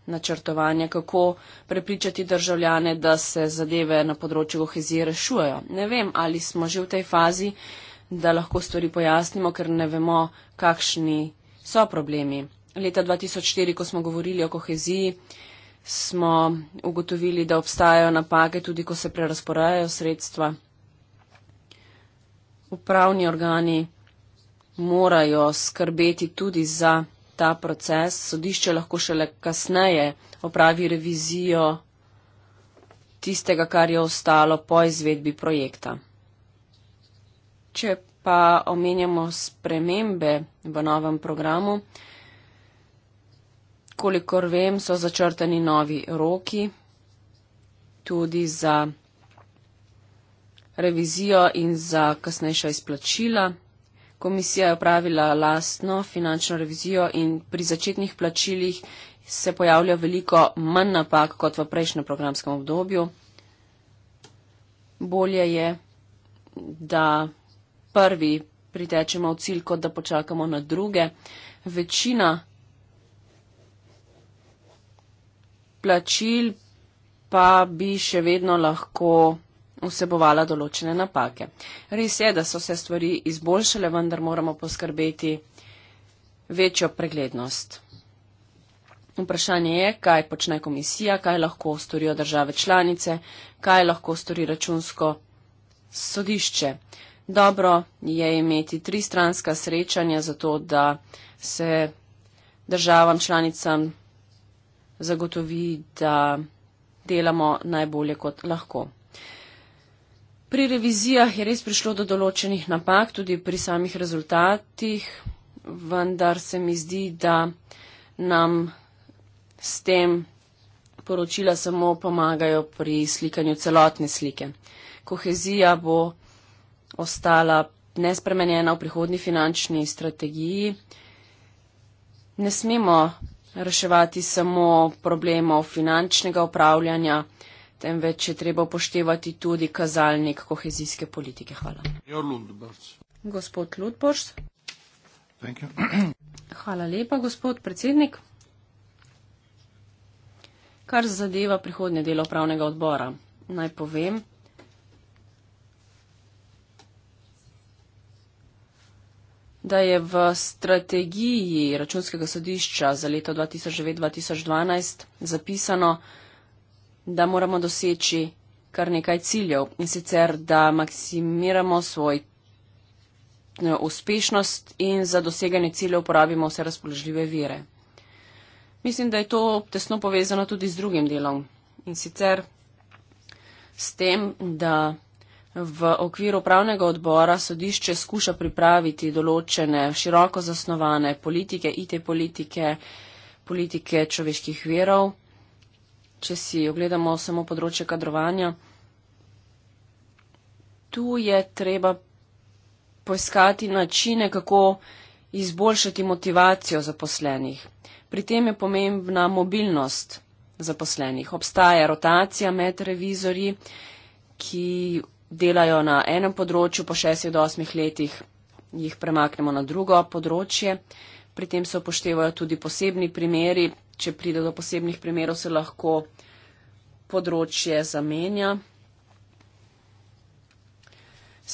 načrtovanja, kako prepričati državljane, da se zadeve na področju kohezije rešujejo. Ne vem, ali smo že v tej fazi, da lahko stvari pojasnimo, ker ne vemo, kakšni so problemi. Leta 2004, ko smo govorili o koheziji, smo ugotovili, da obstajajo napake, tudi ko se prerasporajajo sredstva. Upravni organi morajo skrbeti tudi za ta proces. Sodišče lahko šele kasneje opravi revizijo tistega, kar je ostalo po izvedbi projekta. Če pa omenjamo spremembe v novem programu, kolikor vem, so začrtani novi roki tudi za revizijo in za kasnejša izplačila. Komisija je opravila lastno finančno revizijo in pri začetnih plačilih se pojavlja veliko manj napak kot v prejšnjem programskem obdobju. Bolje je, da prvi pritečemo v cilj, kot da počakamo na druge. Večina plačil pa bi še vedno lahko vsebovala določene napake. Res je, da so se stvari izboljšale, vendar moramo poskrbeti večjo preglednost. Vprašanje je, kaj počne komisija, kaj lahko storijo države članice, kaj lahko stori računsko sodišče dobro je imeti tristranska srečanja zato, da se državam članicam zagotovi, da delamo najbolje, kot lahko. Pri revizijah je res prišlo do določenih napak, tudi pri samih rezultatih, vendar se mi zdi, da nam s tem poročila samo pomagajo pri slikanju celotne slike. Kohezija bo ostala nespremenjena v prihodni finančni strategiji. Ne smemo reševati samo problemov finančnega upravljanja, temveč je treba upoštevati tudi kazalnik kohezijske politike. Hvala. Gospod Ludbors. Hvala lepa, gospod predsednik. Kar zadeva prihodnje delo pravnega odbora, naj povem, da je v strategiji računskega sodišča za leto 2009-2012 zapisano, da moramo doseči kar nekaj ciljev in sicer, da maksimiramo svoj eh, uspešnost in za doseganje ciljev uporabimo vse razpoložljive vire. Mislim, da je to tesno povezano tudi z drugim delom in sicer s tem, da V okviru pravnega odbora sodišče skuša pripraviti določene široko zasnovane politike, IT politike, politike človeških verov. Če si ogledamo samo področje kadrovanja, tu je treba poiskati načine, kako izboljšati motivacijo zaposlenih. Pri tem je pomembna mobilnost zaposlenih. Obstaja rotacija med revizori, ki delajo na enem področju, po šestih do osmih letih jih premaknemo na drugo področje. Pri tem se upoštevajo tudi posebni primeri. Če pride do posebnih primerov, se lahko področje zamenja.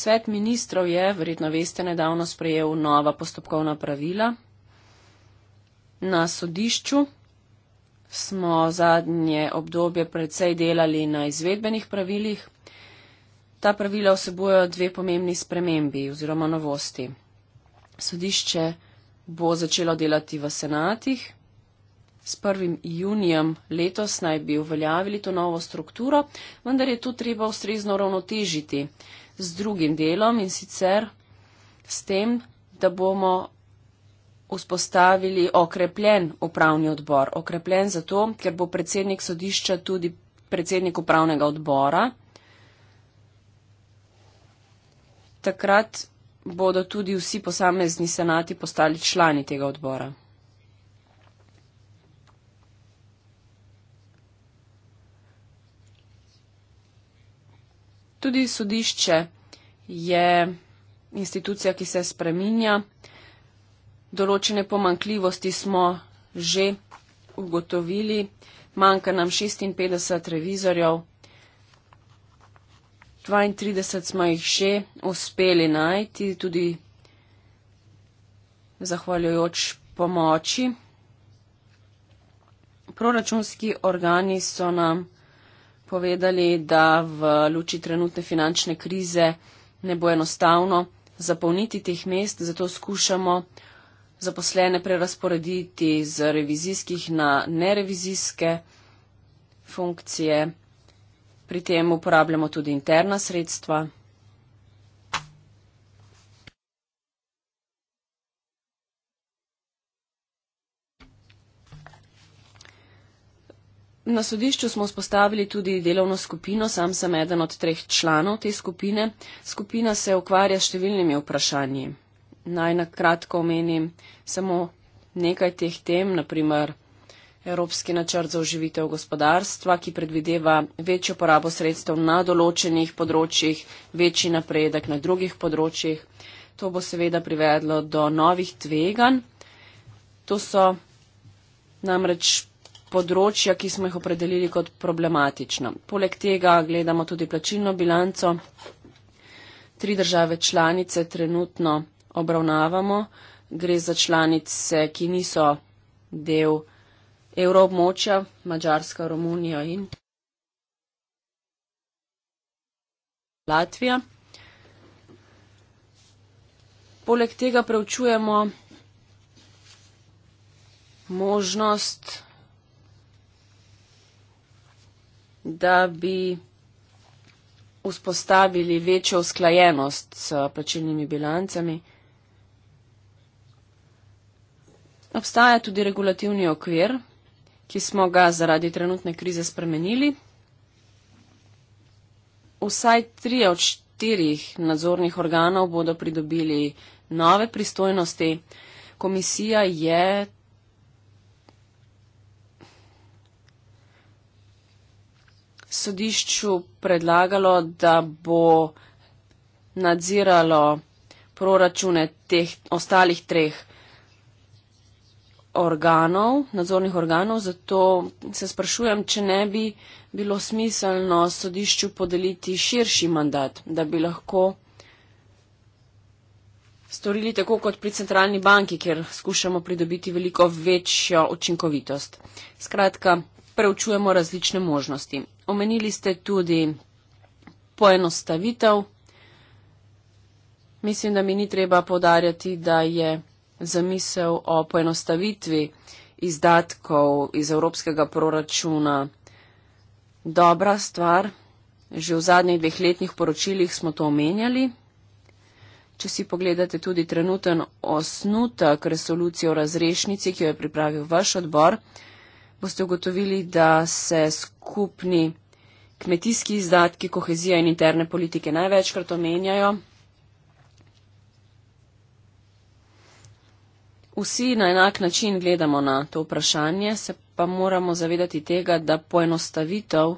Svet ministrov je, verjetno veste, nedavno sprejel nova postopkovna pravila. Na sodišču smo zadnje obdobje predvsej delali na izvedbenih pravilih. Ta pravila vsebujejo dve pomembni spremembi oziroma novosti. Sodišče bo začelo delati v senatih. S 1. junijem letos naj bi uveljavili to novo strukturo, vendar je tu treba ustrezno ravnotežiti z drugim delom in sicer s tem, da bomo vzpostavili okrepljen upravni odbor. Okrepljen zato, ker bo predsednik sodišča tudi predsednik upravnega odbora. takrat bodo tudi vsi posamezni senati postali člani tega odbora. Tudi sodišče je institucija, ki se spreminja. Določene pomankljivosti smo že ugotovili. Manjka nam 56 revizorjev, 32 smo jih še uspeli najti, tudi zahvaljujoč pomoči. Proračunski organi so nam povedali, da v luči trenutne finančne krize ne bo enostavno zapolniti teh mest, zato skušamo zaposlene prerasporediti z revizijskih na nerevizijske funkcije pri tem uporabljamo tudi interna sredstva. Na sodišču smo spostavili tudi delovno skupino, sam sem eden od treh članov te skupine. Skupina se ukvarja s številnimi vprašanji. Naj na kratko omenim samo nekaj teh tem, naprimer Evropski načrt za oživitev gospodarstva, ki predvideva večjo porabo sredstev na določenih področjih, večji napredek na drugih področjih. To bo seveda privedlo do novih tveganj. To so namreč področja, ki smo jih opredelili kot problematična. Poleg tega gledamo tudi plačilno bilanco. Tri države članice trenutno obravnavamo. Gre za članice, ki niso del evroobmočja, Mačarska, Romunija in Latvija. Poleg tega preučujemo možnost, da bi vzpostavili večjo usklajenost s plačilnimi bilancami. Obstaja tudi regulativni okvir, ki smo ga zaradi trenutne krize spremenili. Vsaj tri od štirih nadzornih organov bodo pridobili nove pristojnosti. Komisija je. Sodišču predlagalo, da bo nadziralo proračune teh ostalih treh organov, nadzornih organov, zato se sprašujem, če ne bi bilo smiselno sodišču podeliti širši mandat, da bi lahko storili tako kot pri centralni banki, kjer skušamo pridobiti veliko večjo učinkovitost. Skratka, preučujemo različne možnosti. Omenili ste tudi poenostavitev. Mislim, da mi ni treba podarjati, da je zamisel o poenostavitvi izdatkov iz evropskega proračuna dobra stvar. Že v zadnjih dveh letnih poročilih smo to omenjali. Če si pogledate tudi trenuten osnutek resolucije o razrešnici, ki jo je pripravil vaš odbor, boste ugotovili, da se skupni kmetijski izdatki, kohezija in interne politike največkrat omenjajo. vsi na enak način gledamo na to vprašanje, se pa moramo zavedati tega, da poenostavitev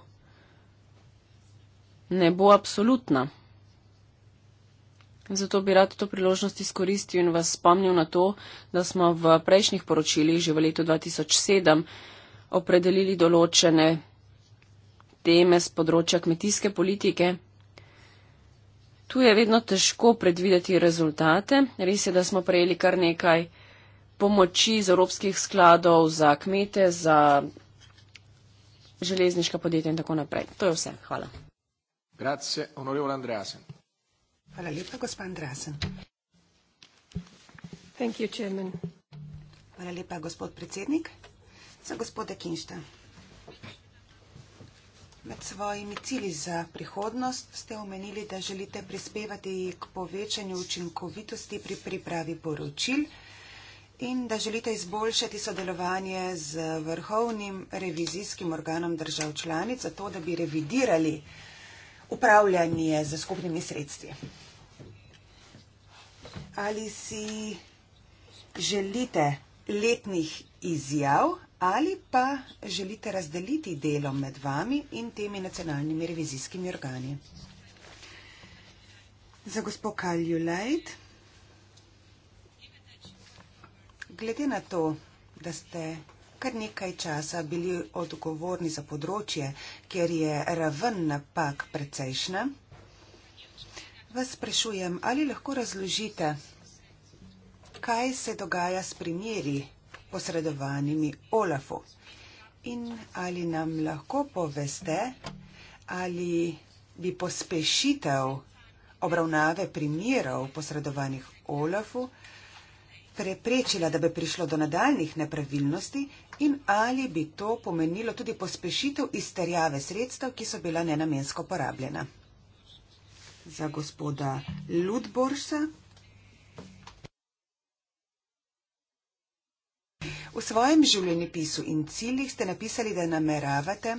ne bo absolutna. Zato bi rad to priložnost izkoristil in vas spomnil na to, da smo v prejšnjih poročilih, že v letu 2007, opredelili določene teme z področja kmetijske politike. Tu je vedno težko predvideti rezultate. Res je, da smo prejeli kar nekaj pomoči iz evropskih skladov za kmete, za železniška podjetja in tako naprej. To je vse. Hvala. Grazie, Hvala lepa, gospod Andreasen. Thank you, chairman. Hvala lepa, gospod predsednik. Za gospoda Kinšta. Med svojimi cili za prihodnost ste omenili, da želite prispevati k povečanju učinkovitosti pri pripravi poročil in da želite izboljšati sodelovanje z vrhovnim revizijskim organom držav članic, zato da bi revidirali upravljanje z skupnimi sredstvi. Ali si želite letnih izjav ali pa želite razdeliti delo med vami in temi nacionalnimi revizijskimi organi? Za gospod Kaljulajt. Glede na to, da ste kar nekaj časa bili odgovorni za področje, kjer je raven napak precejšna, vas sprašujem, ali lahko razložite, kaj se dogaja s primeri posredovanimi Olafu in ali nam lahko poveste, ali bi pospešitev obravnave primerov posredovanih Olafu preprečila, da bi prišlo do nadaljnih nepravilnosti in ali bi to pomenilo tudi pospešitev izterjave sredstev, ki so bila nenamensko porabljena. Za gospoda Ludborsa. V svojem življenjepisu in ciljih ste napisali, da nameravate,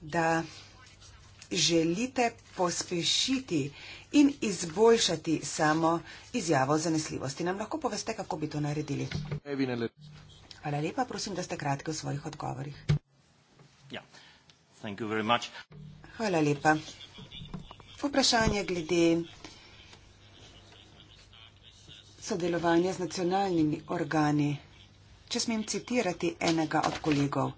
da želite pospešiti in izboljšati samo izjavo zanesljivosti. Nam lahko poveste, kako bi to naredili? Hvala lepa, prosim, da ste kratki v svojih odgovorih. Ja. Hvala lepa. Vprašanje glede sodelovanja z nacionalnimi organi. Če smem citirati enega od kolegov,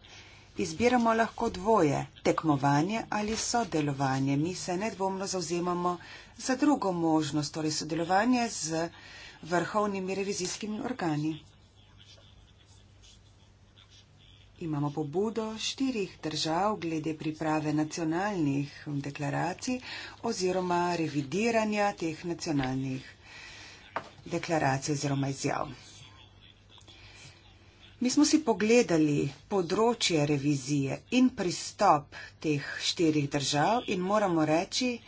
izbiramo lahko dvoje, tekmovanje ali sodelovanje. Mi se nedvomno zauzemamo za drugo možnost, torej sodelovanje z vrhovnimi revizijskimi organi. Imamo pobudo štirih držav glede priprave nacionalnih deklaracij oziroma revidiranja teh nacionalnih deklaracij oziroma izjav. Mi smo si pogledali področje revizije in pristop teh štirih držav in moramo reči,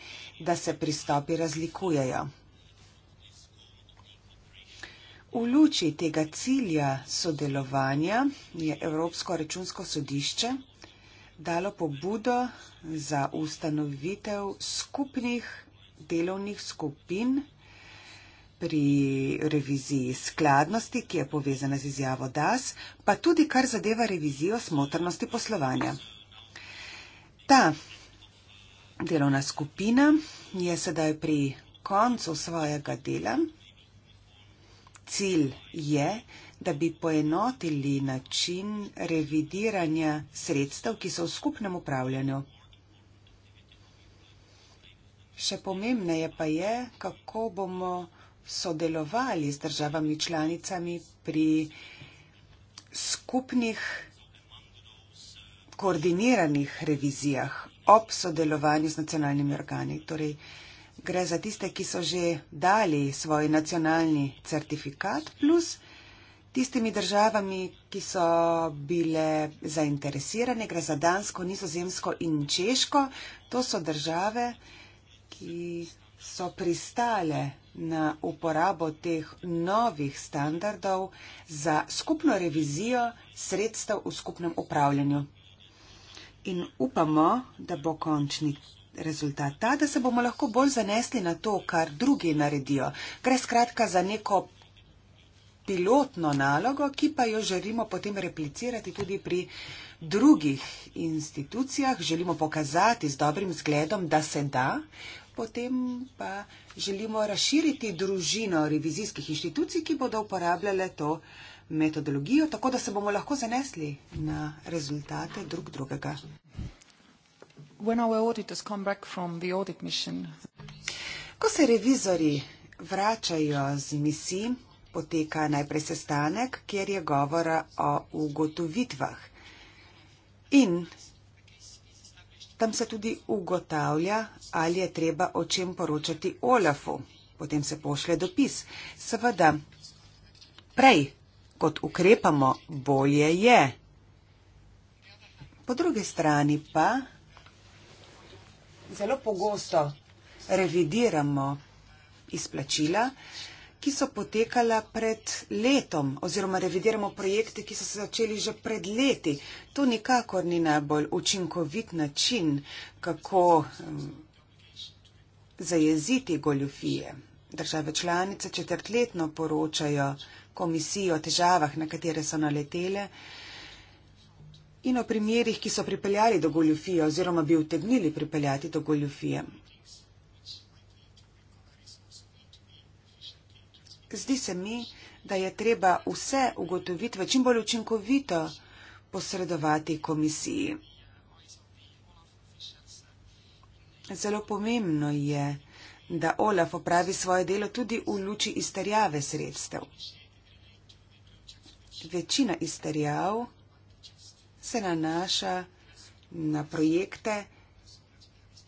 da se pristopi razlikujejo. V luči tega cilja sodelovanja je Evropsko računsko sodišče dalo pobudo za ustanovitev skupnih delovnih skupin pri reviziji skladnosti, ki je povezana z izjavo DAS, pa tudi kar zadeva revizijo smotrnosti poslovanja. Ta delovna skupina je sedaj pri koncu svojega dela. Cilj je, da bi poenotili način revidiranja sredstev, ki so v skupnem upravljanju. Še pomembneje pa je, kako bomo sodelovali z državami članicami pri skupnih koordiniranih revizijah ob sodelovanju z nacionalnimi organi. Torej, gre za tiste, ki so že dali svoj nacionalni certifikat, plus tistimi državami, ki so bile zainteresirane, gre za Dansko, Nizozemsko in Češko. To so države, ki so pristale na uporabo teh novih standardov za skupno revizijo sredstev v skupnem upravljanju in upamo, da bo končni rezultat ta, da se bomo lahko bolj zanesli na to, kar drugi naredijo. Gre skratka za neko pilotno nalogo, ki pa jo želimo potem replicirati tudi pri drugih institucijah, želimo pokazati z dobrim zgledom, da se da, potem pa želimo razširiti družino revizijskih inštitucij, ki bodo uporabljale to uh, metodologijo, tako da se bomo lahko zanesli na rezultate drug drugega. Ko se revizori vračajo z misij, poteka najprej sestanek, kjer je govora o ugotovitvah. In tam se tudi ugotavlja, ali je treba o čem poročati Olafu. Potem se pošle dopis. Seveda, prej kot ukrepamo, bolje je. Po drugi strani pa zelo pogosto revidiramo izplačila, ki so potekala pred letom oziroma revidiramo projekte, ki so se začeli že pred leti. To nikakor ni najbolj učinkovit način, kako zajeziti goljofije. Države članice četrtletno poročajo, komisijo o težavah, na katere so naletele in o primerih, ki so pripeljali do goljufije oziroma bi utegnili pripeljati do goljufije. Zdi se mi, da je treba vse ugotovitve čim bolj učinkovito posredovati komisiji. Zelo pomembno je, da Olaf opravi svoje delo tudi v luči izterjave sredstev. Večina izterjav se nanaša na projekte,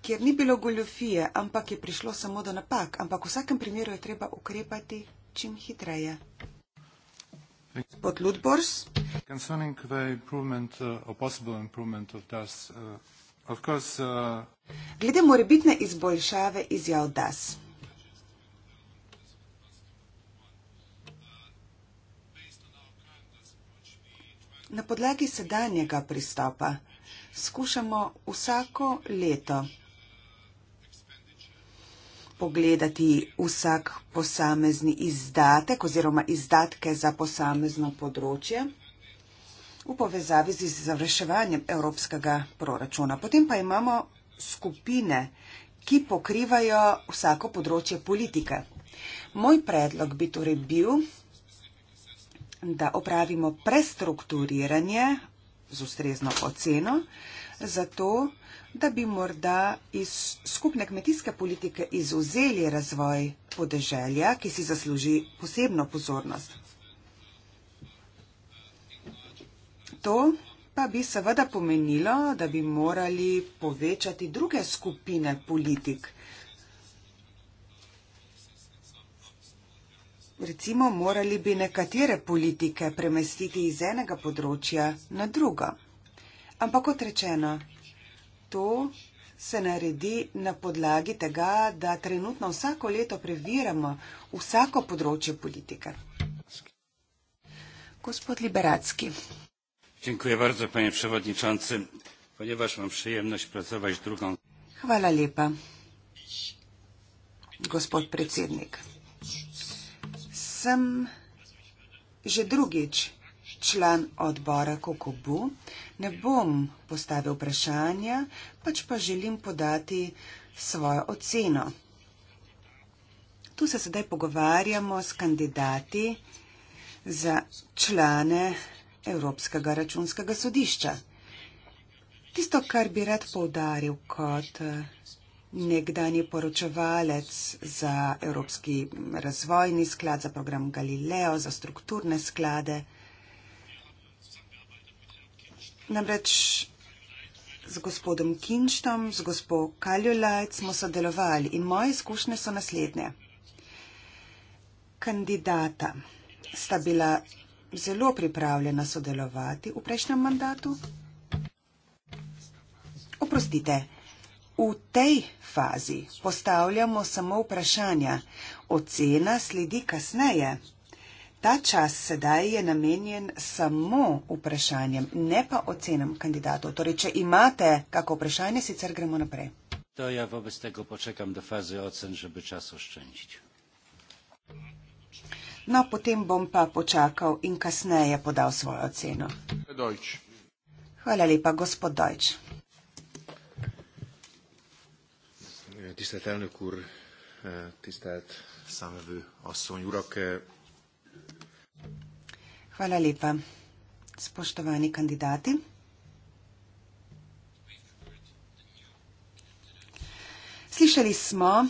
kjer ni bilo goljofije, ampak je prišlo samo do napak. Ampak v vsakem primeru je treba ukrepati čim hitreje. Gospod Ludbors. Uh, uh, uh, Glede morebitne izboljšave izjav DAS. Na podlagi sedanjega pristopa skušamo vsako leto pogledati vsak posamezni izdatek oziroma izdatke za posamezno področje v povezavi z izvrševanjem evropskega proračuna. Potem pa imamo skupine, ki pokrivajo vsako področje politike. Moj predlog bi torej bil, da opravimo prestrukturiranje z ustrezno oceno, zato da bi morda iz skupne kmetijske politike izuzeli razvoj podeželja, ki si zasluži posebno pozornost. To pa bi seveda pomenilo, da bi morali povečati druge skupine politik. Recimo, morali bi nekatere politike premestiti iz enega področja na druga. Ampak kot rečeno, to se naredi na podlagi tega, da trenutno vsako leto previramo vsako področje politike. Gospod Liberacki. Hvala lepa, gospod predsednik sem že drugič član odbora Kokobu, ne bom postavil vprašanja, pač pa želim podati svojo oceno. Tu se sedaj pogovarjamo s kandidati za člane Evropskega računskega sodišča. Tisto, kar bi rad poudaril kot nekdani poročevalec za Evropski razvojni sklad, za program Galileo, za strukturne sklade. Namreč z gospodom Kinštom, z gospod Kaljulajt smo sodelovali in moje izkušnje so naslednje. Kandidata sta bila zelo pripravljena sodelovati v prejšnjem mandatu. Oprostite, V tej fazi postavljamo samo vprašanja, ocena sledi kasneje. Ta čas sedaj je namenjen samo vprašanjem, ne pa ocenam kandidatov. Torej, če imate kako vprašanje, sicer gremo naprej. To ja vobec tega počakam do faze ocen, že bi čas oščenjiť. No, potem bom pa počakal in kasneje podal svojo oceno. Hvala lepa, gospod Dojč. Tisztelt elnök úr, eh, tisztelt számövő asszony, urak! Eh. Hvala lepa. Spoštovani kandidati. Slišali smo,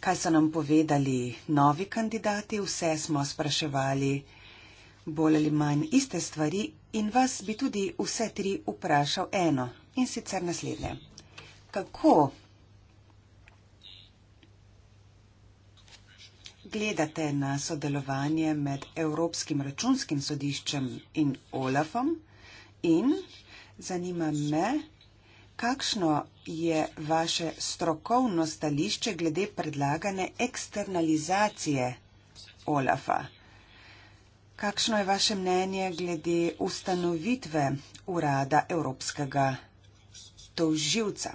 kaj so nam povedali novi kandidati. Vse smo spraševali bolj ali manj iste stvari in vas bi tudi vse tri vprašal eno in sicer naslednje kako gledate na sodelovanje med Evropskim računskim sodiščem in OLAFom in zanima me, kakšno je vaše strokovno stališče glede predlagane eksternalizacije OLAFa. Kakšno je vaše mnenje glede ustanovitve urada Evropskega toživca?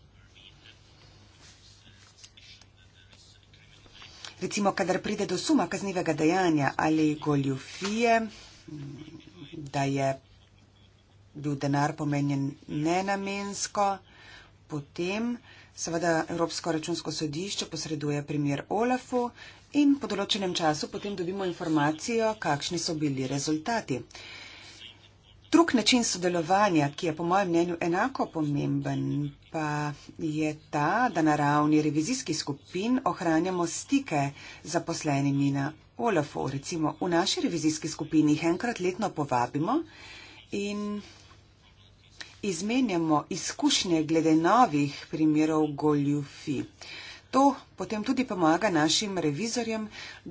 recimo, kadar pride do suma kaznivega dejanja ali goljufije, da je bil denar pomenjen nenamensko, potem seveda Evropsko računsko sodišče posreduje primer Olafu in po določenem času potem dobimo informacijo, kakšni so bili rezultati. Drug način sodelovanja, ki je po mojem mnenju enako pomemben, pa je ta, da na ravni revizijskih skupin ohranjamo stike z zaposlenimi na OLAF-u. Recimo v naši revizijski skupini jih enkrat letno povabimo in izmenjamo izkušnje glede novih primerov goljufi. To potem tudi pomaga našim revizorjem,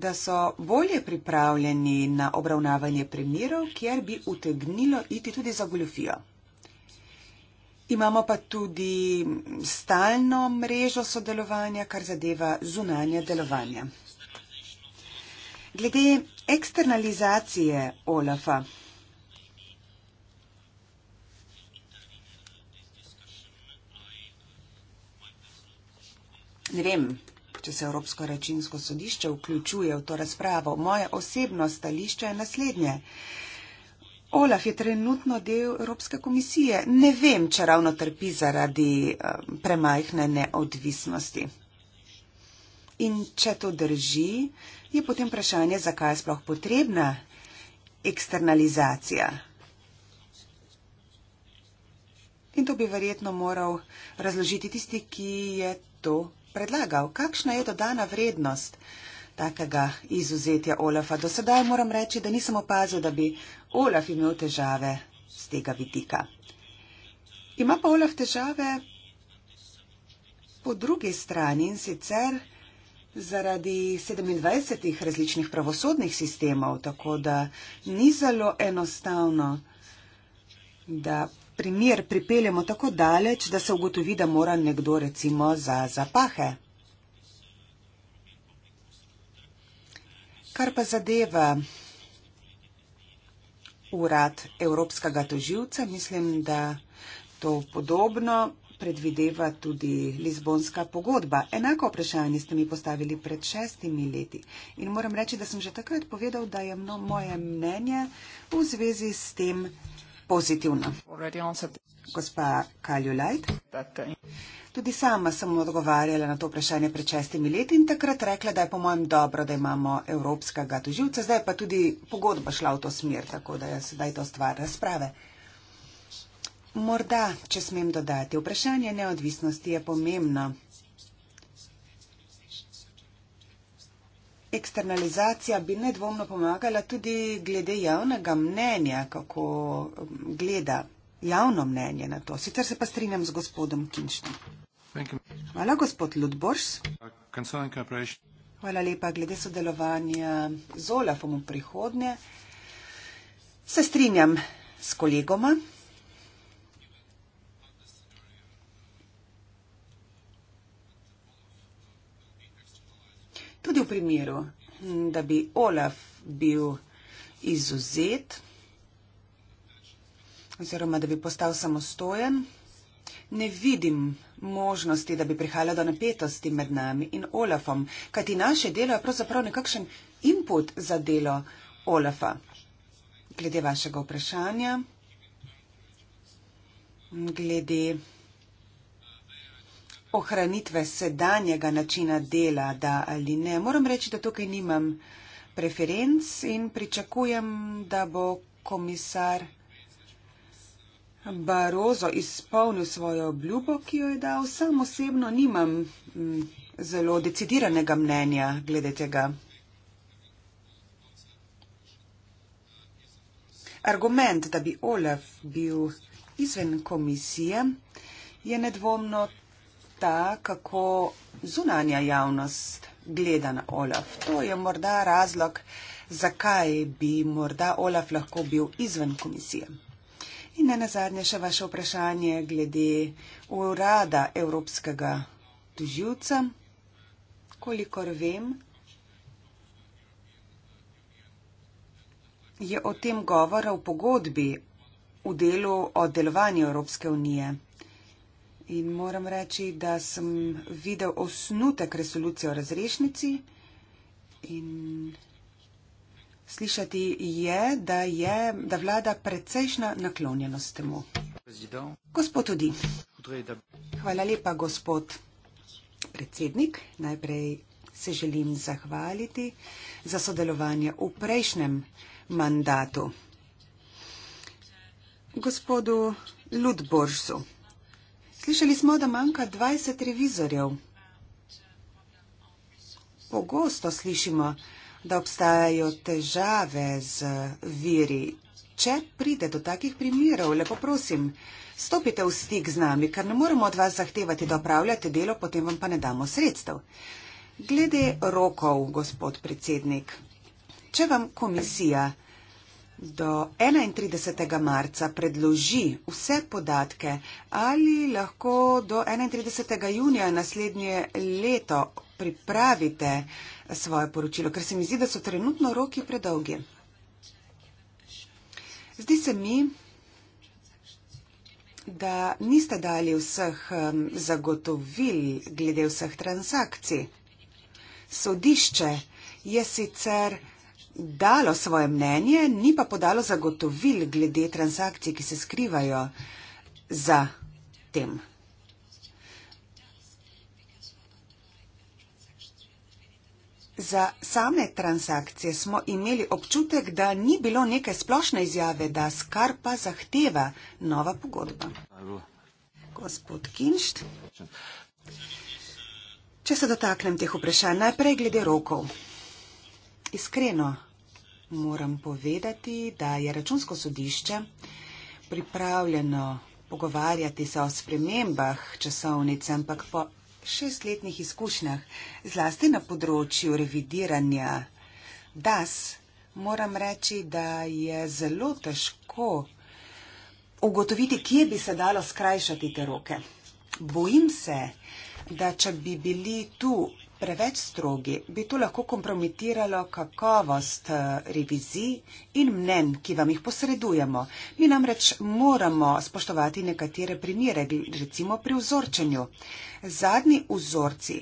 da so bolje pripravljeni na obravnavanje primerov, kjer bi utegnilo iti tudi za goljofijo. Imamo pa tudi stalno mrežo sodelovanja, kar zadeva zunanje delovanje. Glede eksternalizacije OLAF-a. ne vem, če se Evropsko rečinsko sodišče vključuje v to razpravo. Moje osebno stališče je naslednje. Olaf je trenutno del Evropske komisije. Ne vem, če ravno trpi zaradi eh, premajhne neodvisnosti. In če to drži, je potem vprašanje, zakaj je sploh potrebna eksternalizacija. In to bi verjetno moral razložiti tisti, ki je to predlagal, kakšna je dodana vrednost takega izuzetja Olafa. Do sedaj moram reči, da nisem opazil, da bi Olaf imel težave z tega vidika. Ima pa Olaf težave po drugi strani in sicer zaradi 27 različnih pravosodnih sistemov, tako da ni zelo enostavno, da primer pripeljemo tako daleč, da se ugotovi, da mora nekdo recimo za zapahe. Kar pa zadeva urad Evropskega toživca, mislim, da to podobno predvideva tudi Lizbonska pogodba. Enako vprašanje ste mi postavili pred šestimi leti in moram reči, da sem že takrat povedal, da je mno moje mnenje v zvezi s tem pozitivno. Gospa Kaljulajt, uh, tudi sama sem odgovarjala na to vprašanje pred šestimi leti in takrat rekla, da je po mojem dobro, da imamo evropskega tuživca, zdaj pa tudi pogodba šla v to smer, tako da je sedaj to stvar razprave. Morda, če smem dodati, vprašanje neodvisnosti je pomembno. Eksternalizacija bi nedvomno pomagala tudi glede javnega mnenja, kako um, gleda javno mnenje na to. Sicer se pa strinjam z gospodom Kinštom. Hvala, gospod Ludbors. Hvala lepa glede sodelovanja z Olafom v prihodnje. Se strinjam s kolegoma. Tudi v primeru, da bi Olaf bil izuzet oziroma da bi postal samostojen, ne vidim možnosti, da bi prihajalo do napetosti med nami in Olafom, kajti naše delo je pravzaprav nekakšen input za delo Olafa. Glede vašega vprašanja, glede ohranitve sedanjega načina dela, da ali ne. Moram reči, da tukaj nimam preferenc in pričakujem, da bo komisar Barozo izpolnil svojo obljubo, ki jo je dal. Sam osebno nimam mm, zelo decidiranega mnenja glede tega. Argument, da bi Olaf bil izven komisije, je nedvomno ta, kako zunanja javnost gleda na Olaf. To je morda razlog, zakaj bi morda Olaf lahko bil izven komisije. In ne nazadnje še vaše vprašanje glede urada Evropskega tužilca. Kolikor vem, je o tem govora v pogodbi v delu o delovanju Evropske unije in moram reči, da sem videl osnutek resolucije o razrešnici in slišati je, da je, da vlada precejšna naklonjenost temu. Gospod Odi. Hvala lepa, gospod predsednik. Najprej se želim zahvaliti za sodelovanje v prejšnjem mandatu. Gospodu Ludboržsu. Slišali smo, da manjka 20 revizorjev. Pogosto slišimo, da obstajajo težave z viri. Če pride do takih primerov, lepo prosim, stopite v stik z nami, ker ne moremo od vas zahtevati, da opravljate delo, potem vam pa ne damo sredstev. Glede rokov, gospod predsednik, če vam komisija do 31. marca predloži vse podatke ali lahko do 31. junija naslednje leto pripravite svoje poročilo, ker se mi zdi, da so trenutno roki predolgi. Zdi se mi, da niste dali vseh zagotovil glede vseh transakcij. Sodišče je sicer dalo svoje mnenje, ni pa podalo zagotovil glede transakcij, ki se skrivajo za tem. Za same transakcije smo imeli občutek, da ni bilo neke splošne izjave, da skar pa zahteva nova pogodba. Gospod Kinšt, če se dotaknem teh vprašanj, najprej glede rokov. Iskreno, moram povedati, da je računsko sodišče pripravljeno pogovarjati se o spremembah časovnice, ampak po šestletnih izkušnjah, zlasti na področju revidiranja DAS, moram reči, da je zelo težko ugotoviti, kje bi se dalo skrajšati te roke. Bojim se, da če bi bili tu preveč strogi, bi to lahko kompromitiralo kakovost eh, revizij in mnen, ki vam jih posredujemo. Mi namreč moramo spoštovati nekatere primere, recimo pri vzorčenju. Zadnji vzorci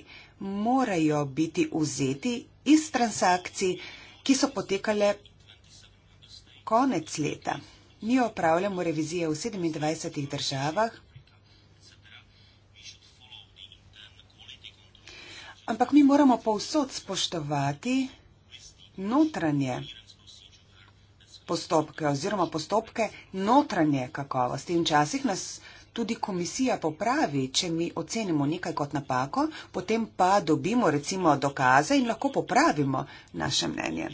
morajo biti vzeti iz transakcij, ki so potekale konec leta. Mi opravljamo revizije v 27 državah Ampak mi moramo povsod spoštovati notranje postopke oziroma postopke notranje kakovosti. In včasih nas tudi komisija popravi, če mi ocenimo nekaj kot napako, potem pa dobimo recimo dokaze in lahko popravimo naše mnenje.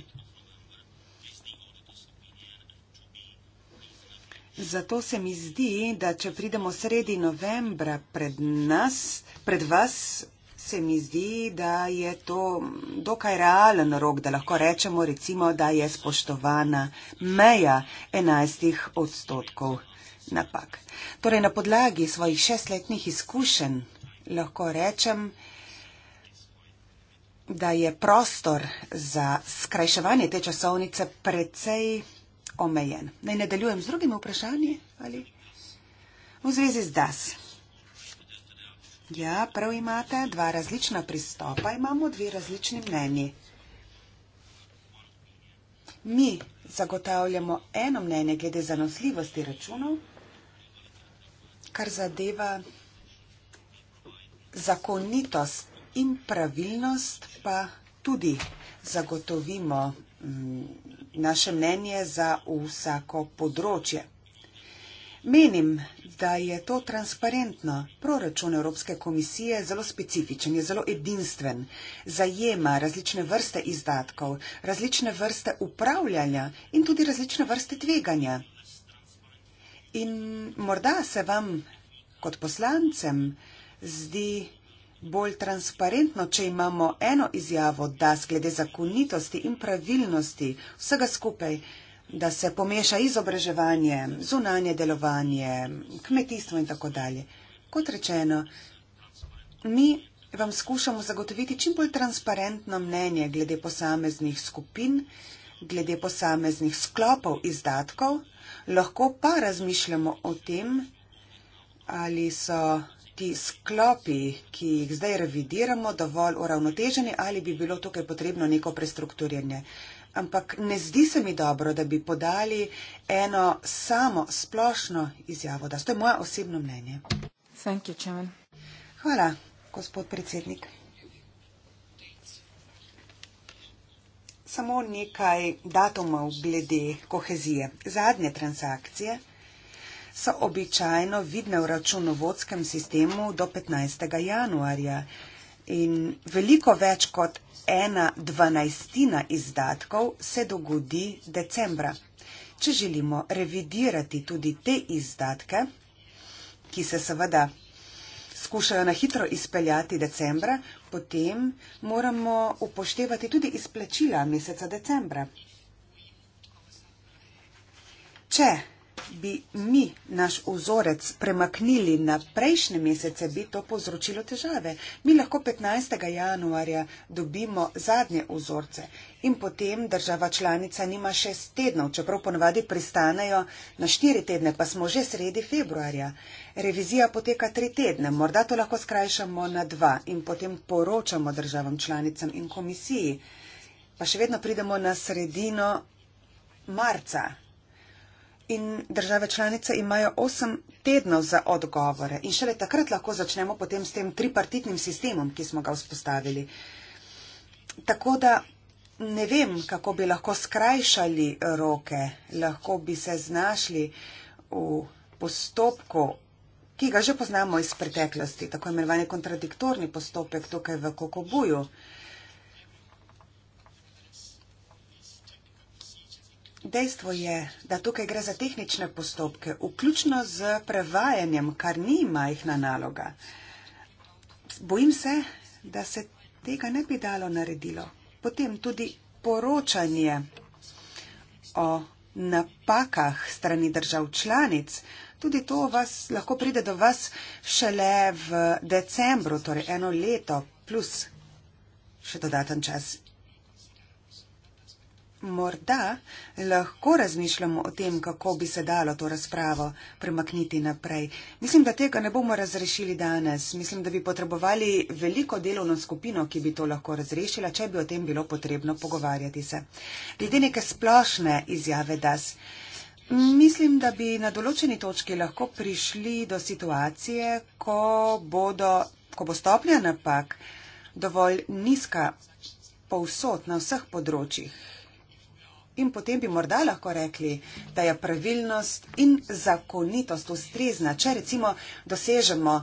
Zato se mi zdi, da če pridemo sredi novembra pred, nas, pred vas se mi zdi, da je to dokaj realen rok, da lahko rečemo, recimo, da je spoštovana meja 11 odstotkov napak. Torej, na podlagi svojih šestletnih izkušenj lahko rečem, da je prostor za skrajševanje te časovnice precej omejen. Naj nadaljujem z drugim vprašanjem ali v zvezi z DAS. Ja, prav imate dva različna pristopa, imamo dve različni mnenji. Mi zagotavljamo eno mnenje glede zanosljivosti računov, kar zadeva zakonitost in pravilnost, pa tudi zagotovimo mm, naše mnenje za vsako področje. Menim, da je to transparentno. Proračun Evropske komisije je zelo specifičen, je zelo edinstven, zajema različne vrste izdatkov, različne vrste upravljanja in tudi različne vrste tveganja. In morda se vam kot poslancem zdi bolj transparentno, če imamo eno izjavo, da glede zakonitosti in pravilnosti vsega skupaj da se pomeša izobraževanje, zunanje delovanje, kmetijstvo in tako dalje. Kot rečeno, mi vam skušamo zagotoviti čim bolj transparentno mnenje glede posameznih skupin, glede posameznih sklopov izdatkov, lahko pa razmišljamo o tem, ali so ti sklopi, ki jih zdaj revidiramo, dovolj uravnoteženi ali bi bilo tukaj potrebno neko prestrukturiranje ampak ne zdi se mi dobro, da bi podali eno samo splošno izjavo. To je moja osebno mnenje. You, Hvala, gospod predsednik. Samo nekaj datumov glede kohezije. Zadnje transakcije so običajno vidne v računovodskem sistemu do 15. januarja. In veliko več kot ena dvanajstina izdatkov se dogodi decembra. Če želimo revidirati tudi te izdatke, ki se seveda skušajo na hitro izpeljati decembra, potem moramo upoštevati tudi izplačila meseca decembra. Če bi mi naš vzorec premaknili na prejšnje mesece, bi to povzročilo težave. Mi lahko 15. januarja dobimo zadnje vzorce in potem država članica nima šest tednov, čeprav ponavadi pristanejo na štiri tedne, pa smo že sredi februarja. Revizija poteka tri tedne, morda to lahko skrajšamo na dva in potem poročamo državam članicam in komisiji. Pa še vedno pridemo na sredino marca in države članice imajo 8 tednov za odgovore in šele takrat lahko začnemo potem s tem tripartitnim sistemom, ki smo ga vzpostavili. Tako da ne vem, kako bi lahko skrajšali roke, lahko bi se znašli v postopku, ki ga že poznamo iz preteklosti, tako imenovani kontradiktorni postopek tukaj v Kokobuju. Dejstvo je, da tukaj gre za tehnične postopke, vključno z prevajanjem, kar ni majhna naloga. Bojim se, da se tega ne bi dalo naredilo. Potem tudi poročanje o napakah strani držav članic. Tudi to vas, lahko pride do vas šele v decembru, torej eno leto plus še dodaten čas morda lahko razmišljamo o tem, kako bi se dalo to razpravo premakniti naprej. Mislim, da tega ne bomo razrešili danes. Mislim, da bi potrebovali veliko delovno skupino, ki bi to lahko razrešila, če bi o tem bilo potrebno pogovarjati se. Glede neke splošne izjave DAS. Mislim, da bi na določeni točki lahko prišli do situacije, ko, bodo, ko bo stopnja napak dovolj nizka povsod na vseh področjih in potem bi morda lahko rekli, da je pravilnost in zakonitost ustrezna, če recimo dosežemo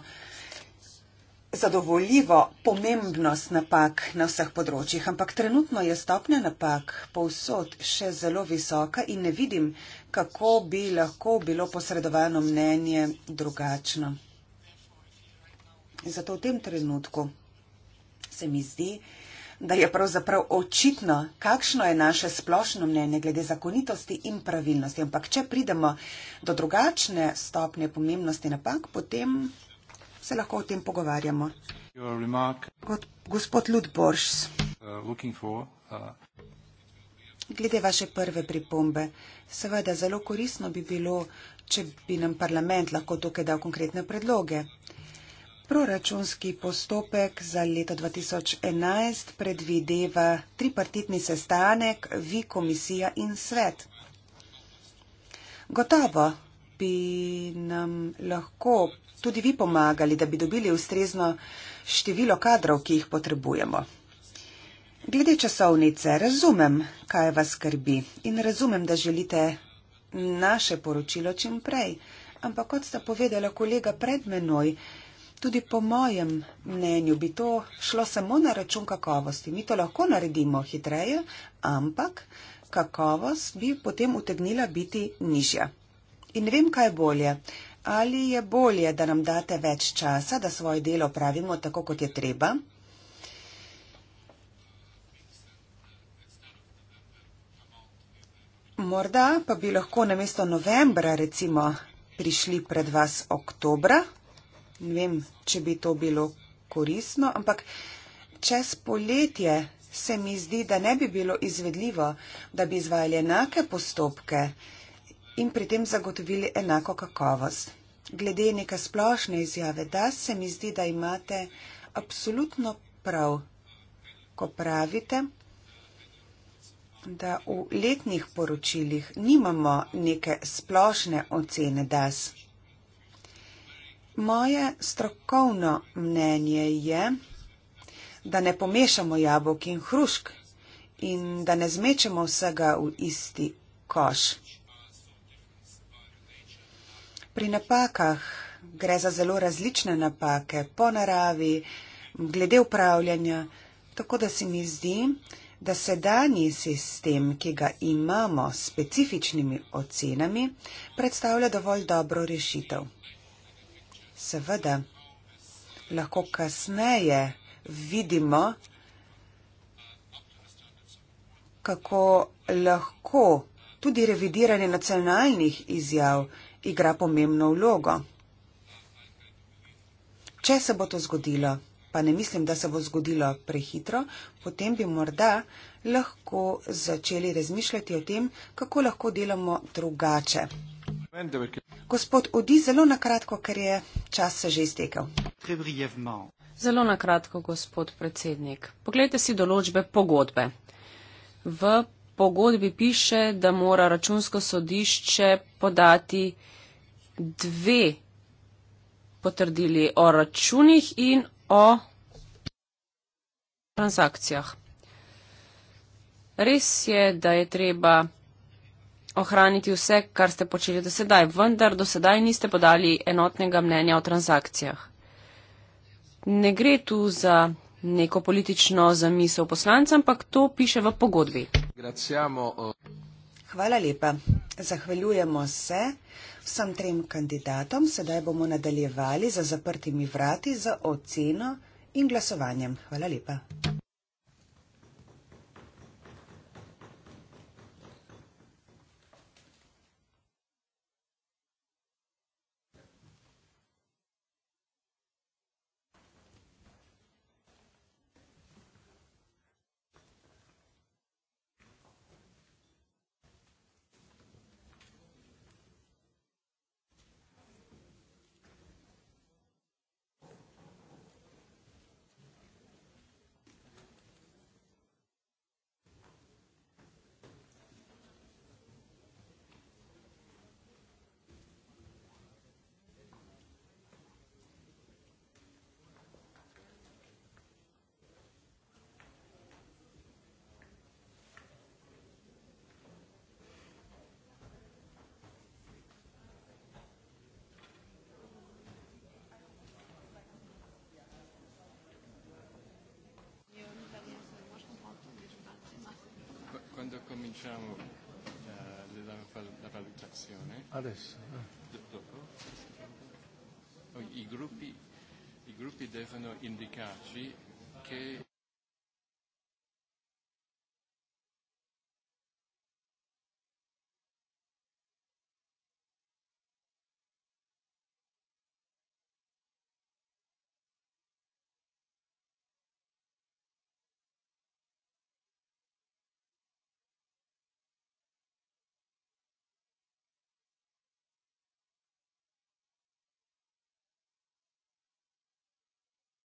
zadovoljivo pomembnost napak na vseh področjih. Ampak trenutno je stopnja napak povsod še zelo visoka in ne vidim, kako bi lahko bilo posredovano mnenje drugačno. Zato v tem trenutku se mi zdi, da da je pravzaprav očitno, kakšno je naše splošno mnenje glede zakonitosti in pravilnosti. Ampak, če pridemo do drugačne stopnje pomembnosti napak, potem se lahko o tem pogovarjamo. Kot gospod Ludborš. Uh, uh, glede vaše prve pripombe, seveda zelo korisno bi bilo, če bi nam parlament lahko tukaj dal konkretne predloge. Proračunski postopek za leto 2011 predvideva tripartitni sestanek vi, komisija in svet. Gotovo bi nam lahko tudi vi pomagali, da bi dobili ustrezno število kadrov, ki jih potrebujemo. Glede časovnice, razumem, kaj vas skrbi in razumem, da želite naše poročilo čim prej, ampak kot sta povedala kolega pred menoj, Tudi po mojem mnenju bi to šlo samo na račun kakovosti. Mi to lahko naredimo hitreje, ampak kakovost bi potem utegnila biti nižja. In ne vem, kaj je bolje. Ali je bolje, da nam date več časa, da svoje delo pravimo tako, kot je treba? Morda pa bi lahko namesto novembra, recimo, prišli pred vas oktobra, ne vem, če bi to bilo koristno, ampak čez poletje se mi zdi, da ne bi bilo izvedljivo, da bi izvajali enake postopke in pri tem zagotovili enako kakovost. Glede neke splošne izjave, da se mi zdi, da imate absolutno prav, ko pravite, da v letnih poročilih nimamo neke splošne ocene, da se. Moje strokovno mnenje je, da ne pomešamo jabolk in hrušk in da ne zmečemo vsega v isti koš. Pri napakah gre za zelo različne napake po naravi, glede upravljanja, tako da se mi zdi, da sedanji sistem, ki ga imamo s specifičnimi ocenami, predstavlja dovolj dobro rešitev seveda lahko kasneje vidimo, kako lahko tudi revidiranje nacionalnih izjav igra pomembno vlogo. Če se bo to zgodilo, pa ne mislim, da se bo zgodilo prehitro, potem bi morda lahko začeli razmišljati o tem, kako lahko delamo drugače. Gospod Udi, zelo nakratko, ker je čas se že iztekel. Zelo nakratko, gospod predsednik. Poglejte si določbe pogodbe. V pogodbi piše, da mora računsko sodišče podati dve potrdili o računih in o transakcijah. Res je, da je treba ohraniti vse, kar ste počeli do sedaj, vendar do sedaj niste podali enotnega mnenja o transakcijah. Ne gre tu za neko politično zamisel poslancem, ampak to piše v pogodbi. Eh. Hvala lepa. Zahvaljujemo se vsem trem kandidatom. Sedaj bomo nadaljevali za zaprtimi vrati za oceno in glasovanjem. Hvala lepa. facciamo eh, la, la valutazione. Adesso. Eh. Dopo. I gruppi, I gruppi devono indicarci che...